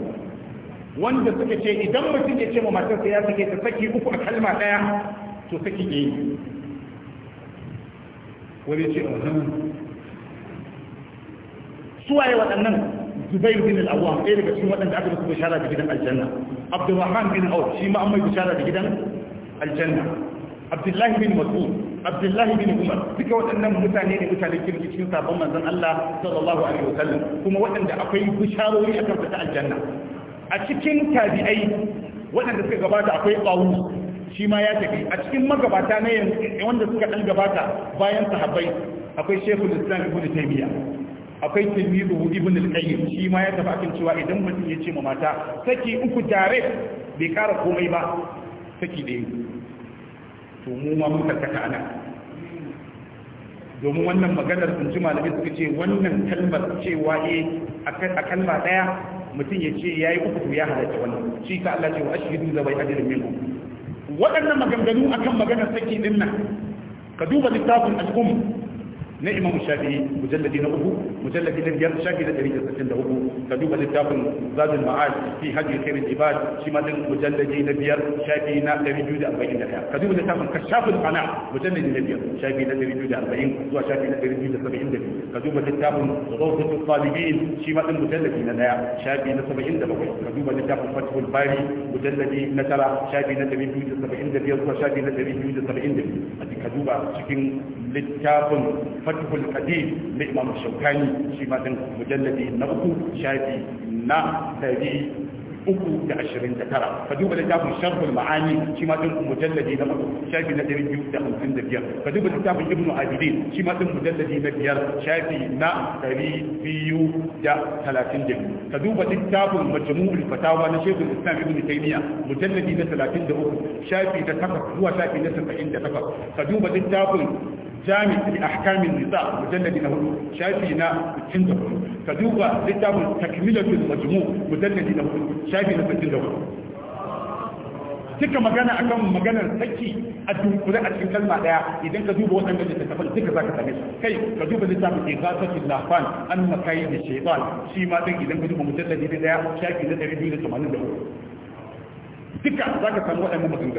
wanda suka ce idan mutum ya ce ma matarsa ya sake ta saki uku a kalma daya to saki ya yi wani ce suwaye waɗannan Zubairu bin al-Awwam ɗaya daga cikin waɗanda aka musu bishara da gidan aljanna Abdulrahman bin awa shi ma an mai bishara da gidan aljanna abdullahi bin mas'ud abdullahi bin umar duka waɗannan mutane ne mutane kirki cikin sabon manzon Allah sallallahu alaihi wasallam kuma waɗanda akwai bisharori akan fita aljanna a cikin tabi'ai waɗanda suka gabata akwai qawu shi ma ya tafi a cikin magabata na yanzu wanda suka dan gabata bayan sahabbai akwai shekul islam ibnu taymiya akwai tilmizu ibn al-qayyim shi ma ya tafi akan cewa idan mutum ya ce ma mata saki uku tare bai kara komai ba saki da to mu ma muka saka ana domin wannan maganar sun ji malamai suka ce wannan kalmar cewa eh a kalma daya mutum ya ce ya yi uku to ya halatta wannan shi ka Allah ce wa ashhadu za bai ajrin minkum waɗannan maganganu akan maganar saki din nan ka duba littafin al na imam shafi'i mujalladi na uku mujalladi na biyar shafi na ɗari da sittin da uku ka duba littafin zadul ma'ad fi hajji kairin ibad shi ma din mujalladi na biyar shafi na ɗari biyu da arba'in da ɗaya ka duba littafin ka kashafin ana mujalladi na biyar shafi na ɗari biyu da arba'in zuwa shafi na ɗari biyu da saba'in da biyu ka duba littafin rawdatul talibin shi ma din mujalladi na ɗaya shafi na saba'in da bakwai ka duba littafin fathul bari mujalladi na tara shafi na ɗari biyu da saba'in da biyar zuwa shafi na ɗari biyu da saba'in da biyu a ka duba cikin littafin fatihul qadir na imam shaukani shi ma dan mujalladi na uku shafi na dari uku da ashirin da tara ka duba littafin sharhul ma'ani shi ma din mujalladi na uku shafi na dari biyu da hamsin da biyar ka duba littafin ibnu abidin shi ma din mujalladi na biyar shafi na dari biyu da talatin da biyu ka duba littafin majmu'ul fatawa na shekul islam ibnu taymiya mujalladi na talatin da uku shafi na takwas zuwa shafi na saba'in da takwas ka duba littafin الجامع لأحكام النساء مجلد له شايفين تشندر فدوبا لتاب تكملة المجموع مجلد له شايفين تشندر تلك مجانا أكام مجانا سيكي أدوم قراءة الكلمة لا إذن كدوبا وأنا من التفل تلك ذاك تنسى كي كدوبا لتاب إغاثة اللحفان أن كايد الشيطان شيما تلك إذن كدوبا مجلد له شايفين تشندر تلك ذاك تنسى أمم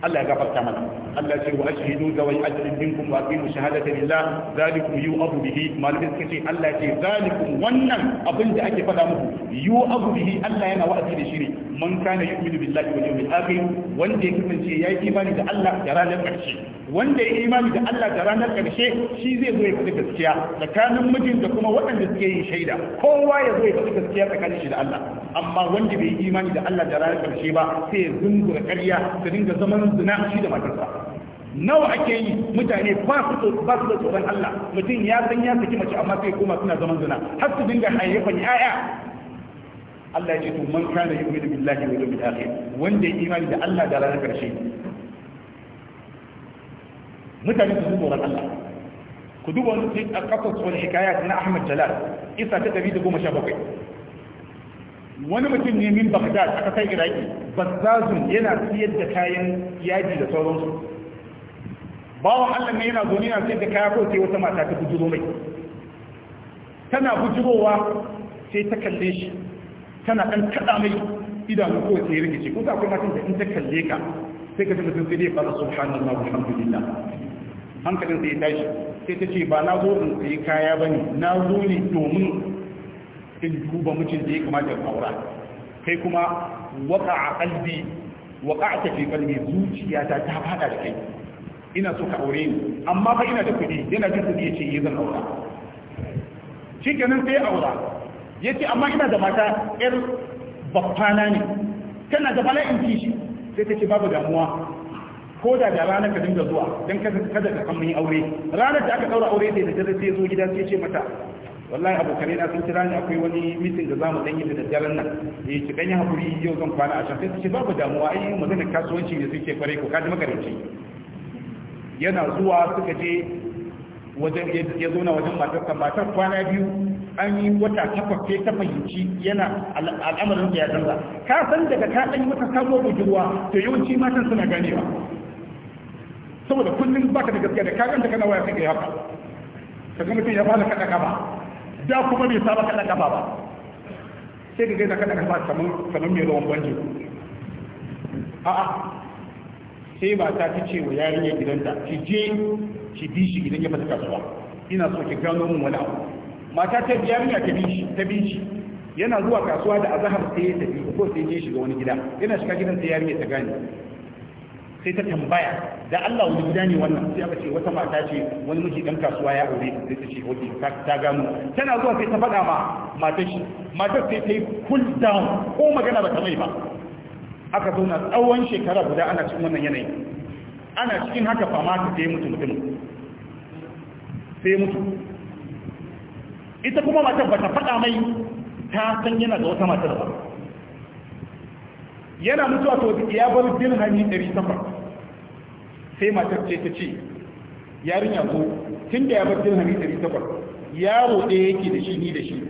Allah ya gafarta mana Allah ce wa ashhadu zawai ajrin minkum wa aqimu shahadata lillah zalikum yu'abu bihi malamin suka ce Allah ce zalikum wannan abin da ake faɗa muku yu'abu bihi Allah yana wa'azi da shi ne man kana yu'minu billahi wal yawmil akhir wanda ya kasance ya yi imani da Allah da ranar karshe wanda ya imani da Allah da ranar karshe shi zai zo ya faɗi gaskiya tsakanin mijin da kuma waɗanda suke yin shaida kowa ya zo ya faɗi gaskiya tsakanin shi da Allah amma wanda bai yi imani da Allah da ranar karshe ba sai ya zungura ƙarya ta dinga zaman zina shi da matarsa nawa ake yi mutane ba su ba su da tsoron Allah mutum ya san ya saki mace amma sai kuma suna zaman zina har su dinga hayyafan yaya Allah ya ce to man kana yu'minu billahi wal yawmil akhir wanda ya imani da Allah da ranar karshe mutane su tsoron Allah ku duba wani a kasar tsoron hikaya na Ahmad Jalal isa ta 117 wani mutum ne min Baghdad aka kai iraki bazzazun yana siyar da kayan yaji da sauransu bawan allah ne yana zaune yana siyar da kaya ko sai wata mata ta bujiro mai tana bujirowa sai ta kalle shi tana ɗan kaɗa mai idanu ko sai rikici ko ta akwai matan da in ta kalle ka sai ka ji mutum sai ya fara subhanallahi walhamdulillah hankalin sai ya tashi sai ta ce ba na zo in sayi kaya bane na zo ne domin in duba mutum da ya kamata ka aura kai kuma waka a kalbi waka a tafi kalbi zuciyata ta fada da kai ina so ka aure ni amma fa ina da kuɗi yana jin kudi ya ce yi eh, zan aura shi kenan sai aura ya ce amma ina da mata yar babbana ne tana da bala'in kishi sai ta ce babu damuwa ko da da ranar ka dinga zuwa don kada ka san mun aure ranar da aka ɗaura aure sai da ta zo gida sai ce mata wallahi abokanai na sun kira ni akwai wani mitin da zamu dan yi da daddaren nan eh ci dan hakuri yau zan kwana a shafe sai babu damuwa ai magana kasuwanci ne suke kware ko kaji makaranci yana zuwa suka je wajen ya zo na wajen matar matar kwana biyu an yi wata takwas sai ta fahimci yana al'amarin da ya canza ka san daga ka dan yi mata da budurwa to yawanci matan suna ganewa saboda kullum baka da gaskiya da ka ganta kana waya sai ka yi haka kaga mutum ya fara kada kafa ja kuma bai saba kaɗa kafa ba sai ka gaisa kaɗa kafa kamar mai rawan banjo a'a sai mata ta ce wa yarinyar gidanta ki je ki bi shi gidan ya fata kasuwa ina so ki gano min wani abu mata ta yarinya ta bi shi ta bi shi yana zuwa kasuwa da azahar sai ya tafi ko sai ya shiga wani gida yana shiga gidan sai yarinya ta gane sai ta tambaya da Allah wani gida ne wannan sai aka ce wata mata ce wani miji dan kasuwa ya aure sai ta ce wani ta gano tana zuwa sai ta faɗa ma matar shi matar sai ta yi cool down ko magana ba ta mai ba aka zauna tsawon shekara guda ana cikin wannan yanayi ana cikin haka fama ta sai mutu mutum sai mutu ita kuma matar ba ta faɗa mai ta san yana ga wata matar ba yana mutuwa to ya bar dirhami 800 sai matar ce ta ce yarinya ko tun da ya bar ɗari 800 yaro ɗaya yake da shi ni da shi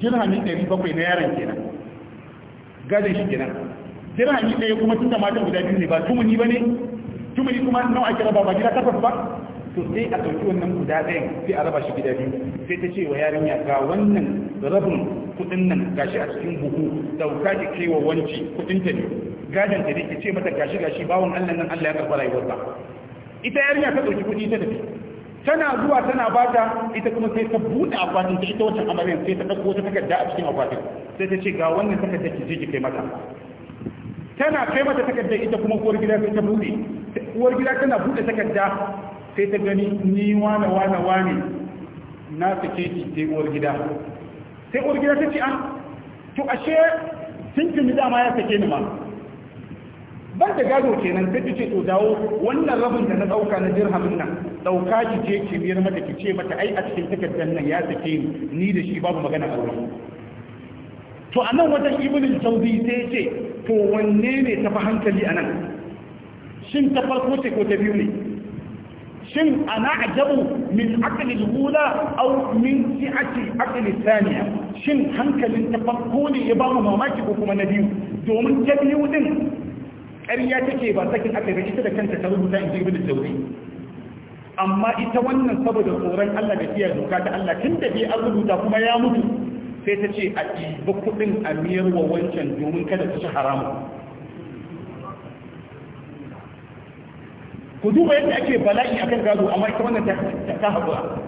dirhami bakwai na yaron kenan gadon shi kenan dirhami ɗaya kuma tun da matan guda biyu ne ba tumuni ba ne tumuni kuma nawa ake raba ba gida takwas ba to sai a ɗauki wannan guda ɗayan sai a raba shi gida biyu sai ta ce wa yarinya ga wannan rabin kudin nan gashi a cikin buhu dauka ki kewa wanci kudin ta ne gadan ta ne ce mata gashi gashi bawon Allah nan Allah ya karɓa ba ita yarinya ta dauki kudi ta tafi tana zuwa tana bata ita kuma sai ta buɗe akwatin ta ita wancan amaryan, sai ta ɗauko wata takarda a cikin akwatin sai ta ce ga wannan takardar ki je ki kai mata tana kai mata takardar ita kuma uwar gida sai ta buɗe uwar gida tana buɗe takarda sai ta gani ni wane wane wane na sake ki sai uwar gida sai uwar gida ta ce an ah, to ashe sun tuntuni dama ya sake ni ma ban da gado kenan ta ce to dawo wannan rabin da na ɗauka na dirhamin nan ɗauka ki je ki biyar mata ki ce mata ai a cikin takardar nan ya sake ni ni da shi babu magana a wurin to a nan wajen ibn al-jawzi sai ce to wanne ne tafi hankali anan nan shin ta farko ce ko ta biyu ne shin ana ajabu min aqli al aw min si'ati aqli thaniya shin hankalin ta farko ne ya ba mu mamaki ko kuma na biyu domin ta biyu din ƙarya take ba sakin aka yi ita da kanta ta rubuta in jirgin da tauri amma ita wannan saboda tsoron Allah da fiye doka ta Allah tun da an rubuta kuma ya mutu sai ta ce a ɗiba kuɗin a miyar wa wancan domin kada ta ci haramun ku duba yadda ake bala'i akan gado amma ita wannan ta haƙura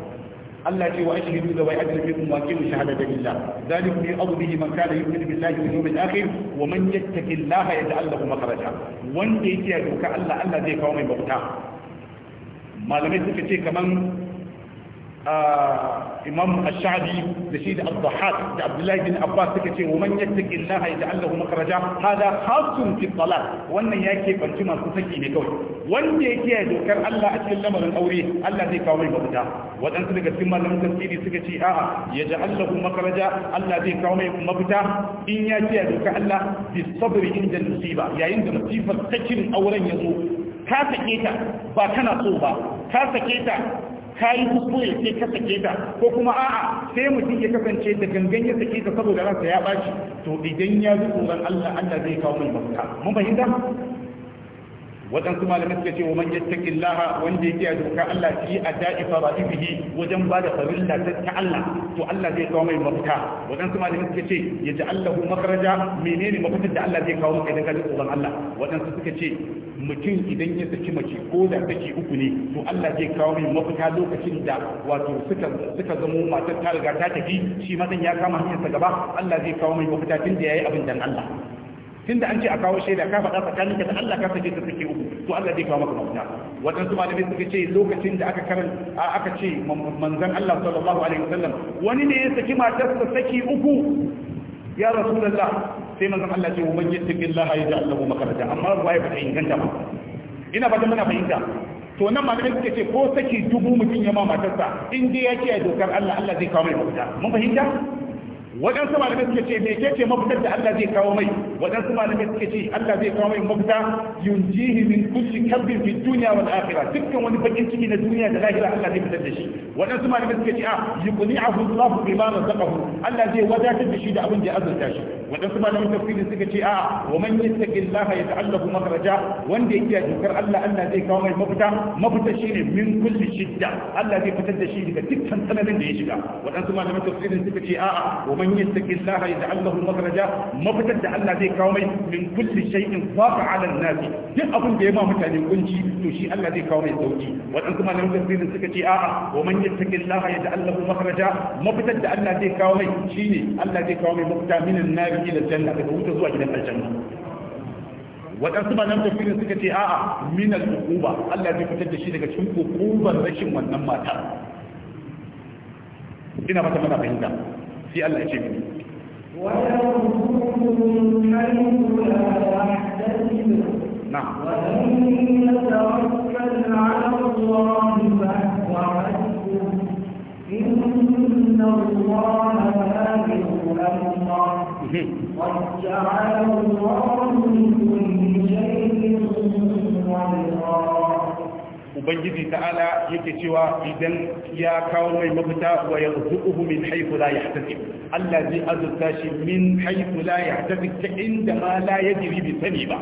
Allah ce wa ashhadu da wai ajrukum wa qimu shahadata lillah zalikum bi adhihi man kana yu'minu billahi wal yawmil akhir wa man yattaqillaha yaj'al lahu makhraja wanda yake ya doka Allah Allah zai kawo mai bauta malamai suka ce kaman imam ash-shadi da shi da Abdullahi da abdullahi bin abbas suka ce wa man yattaqi Allah yaj'al lahu makhraja hada khasun fi talat wannan yake banci masu saki ne kawai wanda ya kiyaye dokar Allah a cikin lamarin aure Allah zai kawo mai mafita waɗansu daga cikin malamin tafsiri suka ce a'a ya Allah kuma karaja Allah zai kawo mai mafita in ya kiyaye dokar Allah bi sabri inda musiba yayin da musibar takin auren ya zo ka sake ta ba kana so ba ka sake ta ka yi kuskure sai ka sake ta ko kuma a'a sai mutum ya kasance da gangan ya sake ta saboda ransa ya baci to idan ya ji tsoron Allah Allah zai kawo mai mafita mun fahimta waɗansu malamai suka ce wa man yattaqillaha wanda yake doka Allah fi ada'i faraibihi wajen ba da farilla ta Allah to Allah zai kawo mai mafita waɗansu malamai suka ce ya ja'allahu makaraja menene mafitar da Allah zai kawo maka idan ka ji tsoron Allah waɗansu suka ce mutum idan ya saki mace ko da take uku ne to Allah zai kawo mai mafita lokacin da wato suka suka zamo matar ta riga ta tafi shi ma ya kama hanyarsa gaba Allah zai kawo mai mafita tun da yayi abin dan Allah Tun da an ce a kawo shaida ka faɗa tsakaninka da Allah ka sake ta take uku to Allah zai kawo maka mafita Wannan wadansu malamai suka ce lokacin da aka karan aka ce manzon Allah sallallahu alaihi wasallam wani ne ya saki matar matarsa saki uku ya rasulullah sai manzon Allah ce man yattaqillaha yaj'al lahu makhraja amma ruwaya ba ta inganta ba ina ba ta muna fahimta to nan malamai suka ce ko saki dubu mutum ya ma matarsa in dai ya ce dokar Allah Allah zai kawo mai mafita mun fahimta waɗansu malamai suke ce me ke ce mafitar da Allah zai kawo mai waɗansu malamai suke ce Allah zai kawo mai mafita yunjihi min kulli kabbin fi dunya wal akhirah dukkan wani bakin ciki na duniya da lahira Allah zai fitar da shi waɗansu malamai suke ce a ah, yuqni'ahu Allah bima razaqahu Allah zai wadatar da shi da abin da ya azurta shi waɗansu malamai tafsiri suka ce a ah, wa man yattaqillaha yata'allahu makhraja wanda yake dokar Allah Allah zai kawo mai mafita mafita shine min kulli shidda Allah zai fitar da shi daga dukkan tsananin da ya shiga waɗansu malamai tafsirin suka ce a ah, wa man yattaqi Allah yaj'al lahu makhraja mafitar da Allah zai kawo mai min kulli shay'in faqa 'ala an-nas duk abin da ya ma mutane kunci to shi Allah zai kawo mai sauki wadansu malaman tafsirin suka ce a'a wa man Allah yaj'al lahu makhraja mafitar da Allah zai kawo mai shine Allah zai kawo mai mafita min an-nar ila janna daga wuta zuwa gidan aljanna waɗansu malam tafsirin suka a'a Allah fitar da shi daga cikin uqubar rashin wannan mata ina mata mana fahimta في Allah ya ce mini نعم وإن توكل على الله فهو حسبه إن الله بالغ أمره قد جعل الله كل شيء ubangiji ta'ala yake cewa idan ya kawo mai mafita wa yarzuquhu min haythu la yahtasib Allah zai azurta shi min haythu la yahtasib ta inda ma la yajri bi sani ba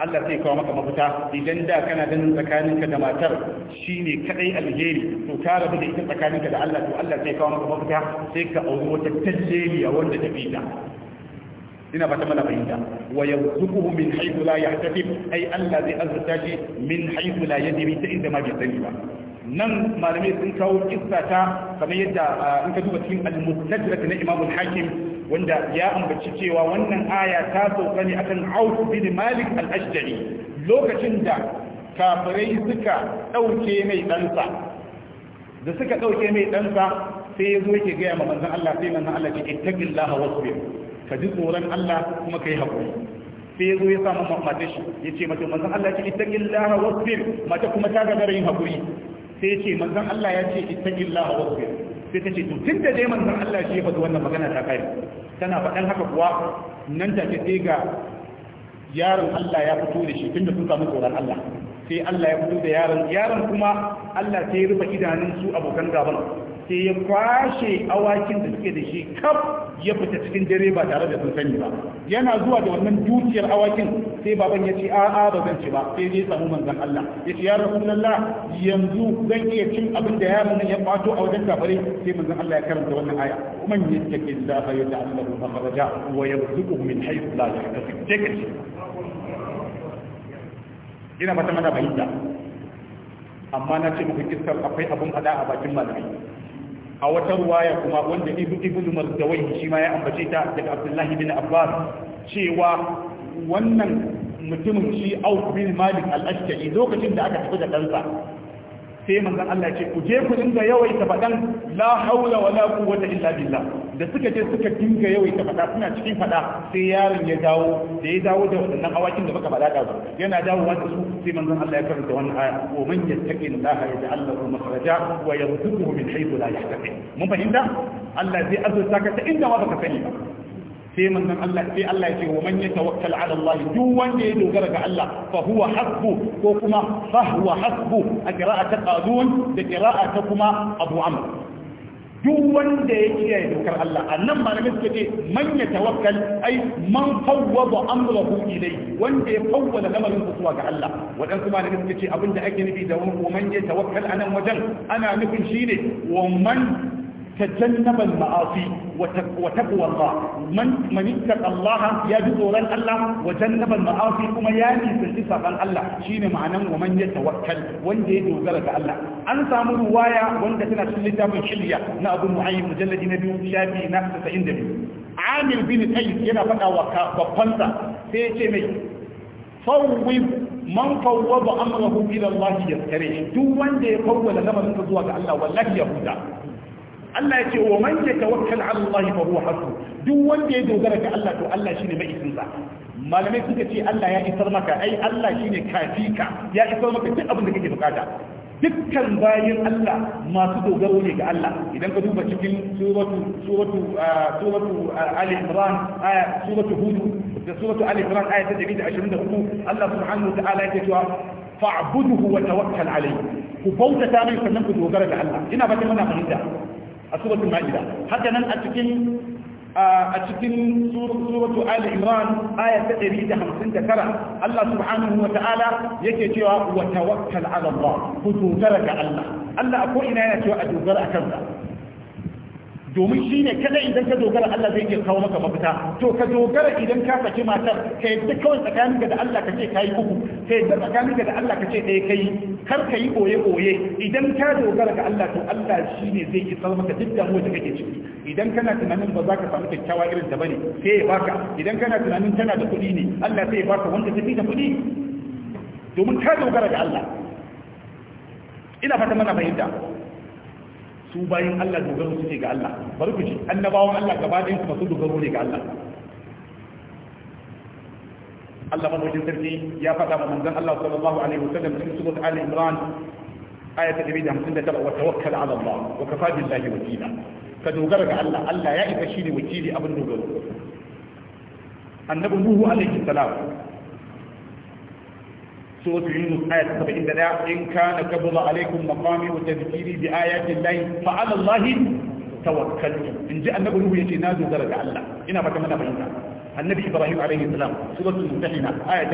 Allah sai kawo maka mafita idan da kana ganin tsakaninka da matar shine kadai alheri to ka rabu da ita tsakaninka da Allah to Allah sai kawo maka mafita sai ka auri wata talleliya wanda ta bi ta ina fata mana fahimta wa yarzuquhu min haythu la yahtasib ay Allah zai shi min haythu la yadri ta inda ma bi sani ba nan malamai sun kawo kissa ta kamar yadda ah, in ka duba cikin al mustadrak na Imam al-Hakim wanda ya ambaci cewa wannan aya ta sauka ne akan Auf bin Malik al-Ashjari lokacin da kafirai suka dauke mai ɗansa da suka dauke mai ɗansa sai ya zo yake gaya ma manzon Allah sai manzon Allah ce ittaqillaha wasbir ka ji tsoron Allah kuma ka yi haƙuri sai ya zo ya samu mata shi ya ce mata manzan Allah ce ittaqillaha wasbir mata kuma ta gagara yin haƙuri sai ya ce manzan Allah ya ce ita ittaqillaha wasbir sai ta ce to tun da dai manzan Allah shi ya faɗi wannan magana ta kai tana faɗan haka kuwa nan take sai ga yaron Allah ya fito da shi tunda sun samu tsoron Allah sai Allah ya fito da yaron yaron kuma Allah sai ya rufe idanun su abokan gaban sai ya kwashe awakin da suke da shi kaf ya fita cikin dare ba tare da sun sani ba yana zuwa da wannan dukiyar awakin sai baban ya ce a'a ba zan ci ba sai zai samu manzon Allah ya ce ya rasulullah yanzu zan iya cin abin da yaron nan ya kwato a wajen kafare sai manzon Allah ya karanta wannan aya man yattaki Allah fa yata'allahu makhraja wa yarzuquhu min haythu la yahtasib take ina mata mana bayyana amma na ce muku kissar akwai abun hada a bakin malamai a wata ruwaya kuma wanda ibnu mazdawai shi ma ya ambace ta daga abdullahi bin abbas cewa wannan mutumin shi auf bin malik al-ashkari lokacin da aka tafi da ɗansa sai manzon Allah ce ku je ku dinga yawaita faɗan la haula wala quwwata illa billah da suka je suka dinga yawaita faɗa suna cikin faɗa sai yaron ya dawo da ya dawo da wannan awakin da baka faɗa da su yana dawowa da su sai manzon Allah ya karanta wannan aya wa man yattaqi Allah yaj'al lahu makhraja wa yarzuquhu min haythu la yahtasib mun fahimta Allah zai azurta ka ta inda ma baka sani ba sai manzon Allah sai Allah yake wa man yatawakkal ala Allah duk wanda ya dogara ga Allah fa huwa hasbu ko kuma fa huwa hasbu a qira'at qadun da qira'at kuma Abu Amr duk wanda ya kiyaye dokar Allah annan malamin suka ce man yatawakkal ai man fawwada amrahu ilayhi wanda ya fawwada lamarin sa zuwa ga Allah wadan kuma malamin ce abinda ake nufi da man yatawakkal anan wajen ana nufin shine wa man تجنب المعاصي وتقوى الله من من اتقى الله يا جزوران الله وجنب المعاصي كما يعني في الاتفاق الله شين معنى ومن يتوكل وان دي دوغرة الله أنا سامو رواية وان تنا سلتا من شلية نأبو معين مجلد نبي شافي نفس فإن دبي عامل بن قيس ينا فتا وكفنسا سيتي مي فوض man fawwada amrahu ila Allah yaskare duk wanda ya fawwada lamarin zuwa ga Allah wallahi ya huta Allah ya ce wa man ya tawakkal ala Allah fa huwa hasbu duk wanda ya dogara ga Allah to Allah shine mai isinsa malamai suka ce Allah ya isar maka ai Allah shine kafika ya isar maka duk abin da kake bukata dukkan bayin Allah masu dogaro ne ga Allah idan ka duba cikin suratu suratu ah, suratu ah, Ali Imran aya suratu Hud da suratu Ali Imran aya ta 123 Allah subhanahu wa ta'ala ya ce fa'budhu wa tawakkal alayhi ku bauta ta mai sannan ku dogara ga Allah ina ba ta mana fahimta a suratul ma'ida haka nan a cikin a cikin suratu ali imran aya ta 159 Allah subhanahu wa ta'ala yake cewa wa tawakkal ala Allah ku dogara ga Allah Allah ko ina yana cewa a dogara akan sa domin shi ne kada idan ka dogara Allah zai iya kawo maka mafita to ka dogara idan ka saki matar ka yadda kawai tsakaninka da Allah ka ce ka yi uku ka yadda tsakaninka da Allah ka ce ɗaya ka yi kar ka yi ɓoye-ɓoye idan ka dogara ga Allah to Allah shi ne zai iya kawo maka duk damuwa da kake ciki idan kana tunanin ba za ka samu kyakkyawa irin ta bane sai ya baka idan kana tunanin tana da kuɗi ne Allah sai ya baka wanda ta fi da kuɗi domin ka dogara ga Allah ina fata mana fahimta su bayan Allah dogaro suke ga Allah bari ku ci annabawan Allah gaba ɗayan su dogaro ne ga Allah Allah madaukin sarki ya faɗa wa manzon Allah sallallahu alaihi wasallam cikin surat Ali Imran aya ta hamsin da taɓa wa tawakkal ala Allah wa kafa billahi wakila ka dogara ga Allah Allah ya isa shi ne wakili abin dogaro annabi Nuhu alaihi salam سورة يونس آية 71 إن كان كبر عليكم مقامي وتذكيري بآيات الله فعلى الله توكلت إن جاء النبي نوح يجي نادي درجة الله إنا فكمنا فإنها النبي إبراهيم عليه السلام سورة الممتحنة آية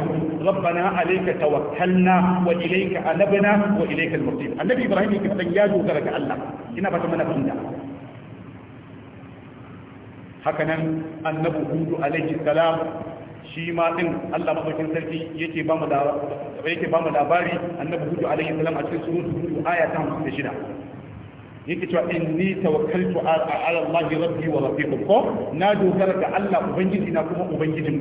ربنا عليك توكلنا وإليك أنبنا وإليك المصير النبي إبراهيم يجي يا درجة الله إنا فكمنا فإنها hakanan annabi hudu alaihi salam shi ma din Allah madaukin sarki yake ba mu yake ba mu labari annabi hudu alaihi salam a cikin surun hudu aya ta 56 yake cewa inni tawakkaltu ala Allah rabbi wa rabbikum ko na dogara ga Allah ubangiji na kuma ubangijin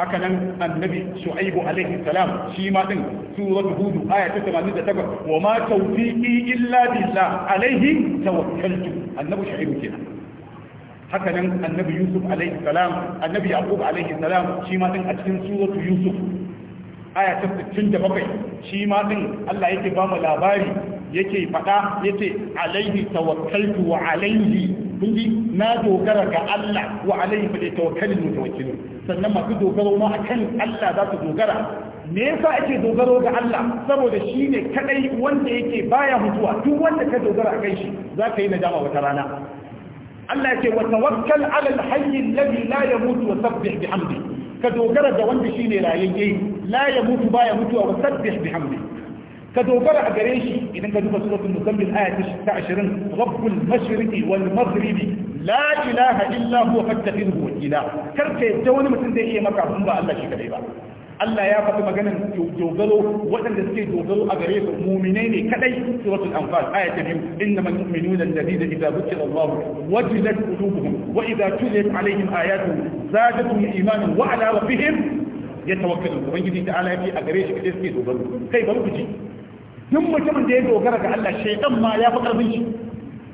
haka nan annabi shu'aibu alaihi salam shi ma din surun hudu aya ta 88 wa ma tawfiqi illa billah alaihi tawakkaltu annabi shu'aibu kenan haka nan annabi yusuf alaihi salam annabi yaqub alaihi salam shi ma din a cikin suratu yusuf aya ta 67 shi ma din Allah yake ba mu labari yake faɗa yace alaihi tawakkaltu wa alaihi kun na dogara ga Allah wa alaihi fa tawakkalul mutawakkilun sannan masu dogaro ma akan Allah za su dogara me yasa ake dogaro ga Allah saboda shi ne kadai wanda yake baya mutuwa duk wanda ka dogara a kai shi za ka yi nadama wata rana Allah yake wa tawakkal ala al-hayy alladhi la yamutu wa sabbih bihamdi ka dogara da wanda shine rayayye la yamutu baya mutuwa wa sabbih bihamdi ka dogara a gare shi idan ka duba suratul muzammil aya ta 20 rabbul mashriqi wal maghribi la ilaha illa huwa fattakhidhu wakila karka yadda wani mutum zai iya maka abun ba Allah shi kadai ba Allah ya faɗi maganar dogaro waɗanda suke dogaro a gare su mu'minai ne kadai suratul anfal aya ta biyu innamal mu'minuna alladhina idza dhukira Allah wajilat qulubuhum wa idza tuliyat alaihim ayatuhu zadatuhum imanan wa ala rabbihim yatawakkalun ubangiji ta ala a gare shi kadai suke dogaro kai bari ku ji duk mutumin da ya dogara ga Allah shaytan ma ya fi karfin shi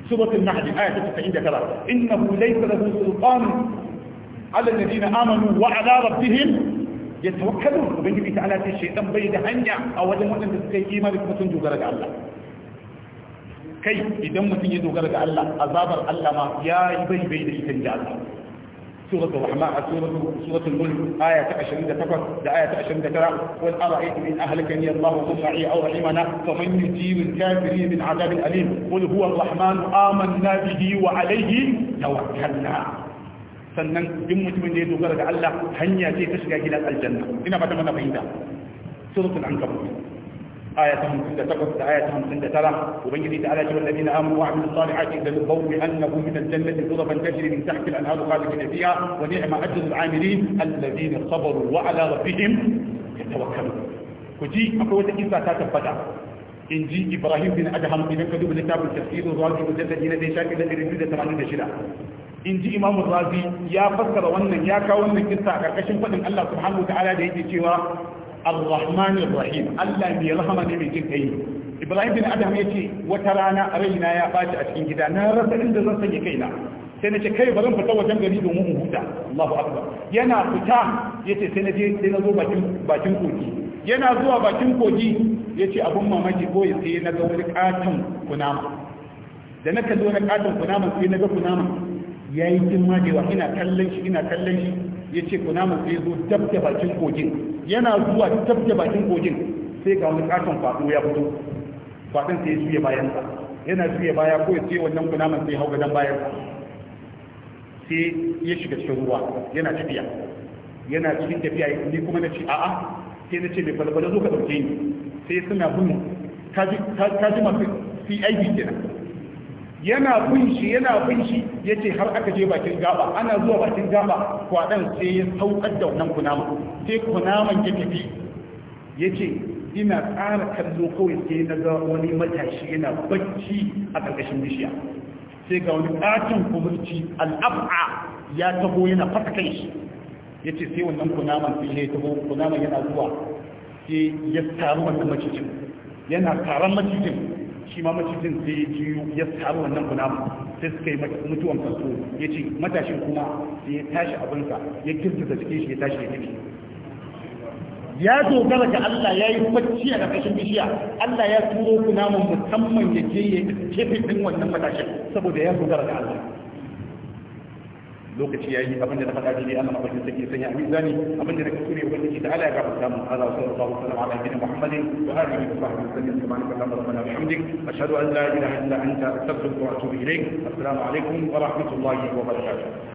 سورة النحل آية 90 إنه ليس له سلطان على الذين wa وعلى ربهم ya tawakkalu ubangiji ta ala ce shaytan bai da hanya a wajen waɗanda suka yi imani kuma sun dogara ga Allah kai idan mutum ya dogara ga Allah azabar Allah ma ya yi bai bai da ita da Allah سورة الرحمن سورة سورة الملك آية 28 آية 29 قل أرأيتم إن أهلكني الله ثم معي أو رحمنا فمن يجيب الكافرين من عذاب أليم قل هو الرحمن آمنا به وعليه توكلنا sannan duk mutumin da ya dogara ga Allah hanya ce ta shiga gidan aljanna ina ba ta mana fahimta suratul ankabut آية 58 آية الذين آمنوا وعملوا الصالحات إذا لقوا من الجنة غضبا تجري من تحت الأنهار خالدين فيها ونعم أجر العاملين الذين صبروا وعلى ربهم يتوكلون. كجي أقوى تكيسا تتبدا إنجي إبراهيم بن أدهم بن كذب لتاب التفسير الراجي مجدد إلى ديشاك الذي رفض in ji imamu razi ya fassara wannan ya kawo wannan kisa a ƙarƙashin faɗin Allah subhanahu wa ta'ala da yake cewa ar-rahman rahim Allah mai rahama ne mai jin kai Ibrahim bin Adam ya ce wata rana raina ya baci a cikin gida na rasa inda zan sanya kaina sai na ce kai bari fita wajen gari domin mu huta Allahu akbar yana fita yace sai na je sai na zo bakin bakin kogi yana zuwa bakin kogi yace abun mamaki ko sai na ga wani katon kunama da na kalli wani katon kunama sai na ga kunama ya yi girma da ina kallon shi ina kallon shi ya ce kunaman sai zo dab da bakin kogin yana zuwa dab da bakin kogin sai ga wani kafin fado ya fito faɗin sai ya juya sa yana juya baya ko ya ce wannan kunaman sai hau gadon sa sai ya shiga cikin ruwa yana tafiya yana cikin tafiya ni kuma na ce a'a sai na ce mai falfala zo ka dauke ni sai suna bin ka ji masu cib kenan yana bin yana bin ya yace har aka je bakin gaba ana zuwa bakin gaba kwadan sai ya saukar da wannan kunama sai kunaman ya tafi yace ina tsara kallo kawai sai na ga wani matashi yana bacci a ƙarƙashin bishiya sai ga wani ƙaton kumurci al'ab'a ya taho yana fata kai shi ya ce sai wannan kunaman sai ya taho kunaman yana zuwa sai ya taru wannan macijin yana taron macijin shi ma macijin sai ya jiyo ya tsaro wannan kunama sai suka yi mutuwan fasto ya ce matashin kuma sai ya tashi abinsa ya kirkita cikin shi ya tashi ya tafi ya dogara ga Allah ya yi bacci a ƙarƙashin bishiya Allah ya turo kunaman musamman ya je ya kefe ɗin wannan matashin saboda ya dogara ga Allah lokaci yayi abinda na faɗa ne Allah madaukakin sarki sanya abin da abinda na kasure ubangiji ta Allah ya gafarta mu Allah sallallahu alaihi wa sallam ala nabiyina Muhammadin wa alihi wa sahbihi sallam subhanaka allahumma rabbana wa bihamdik ashhadu an la ilaha illa anta astaghfiruka wa atubu ilaik assalamu alaikum wa rahmatullahi wa barakatuh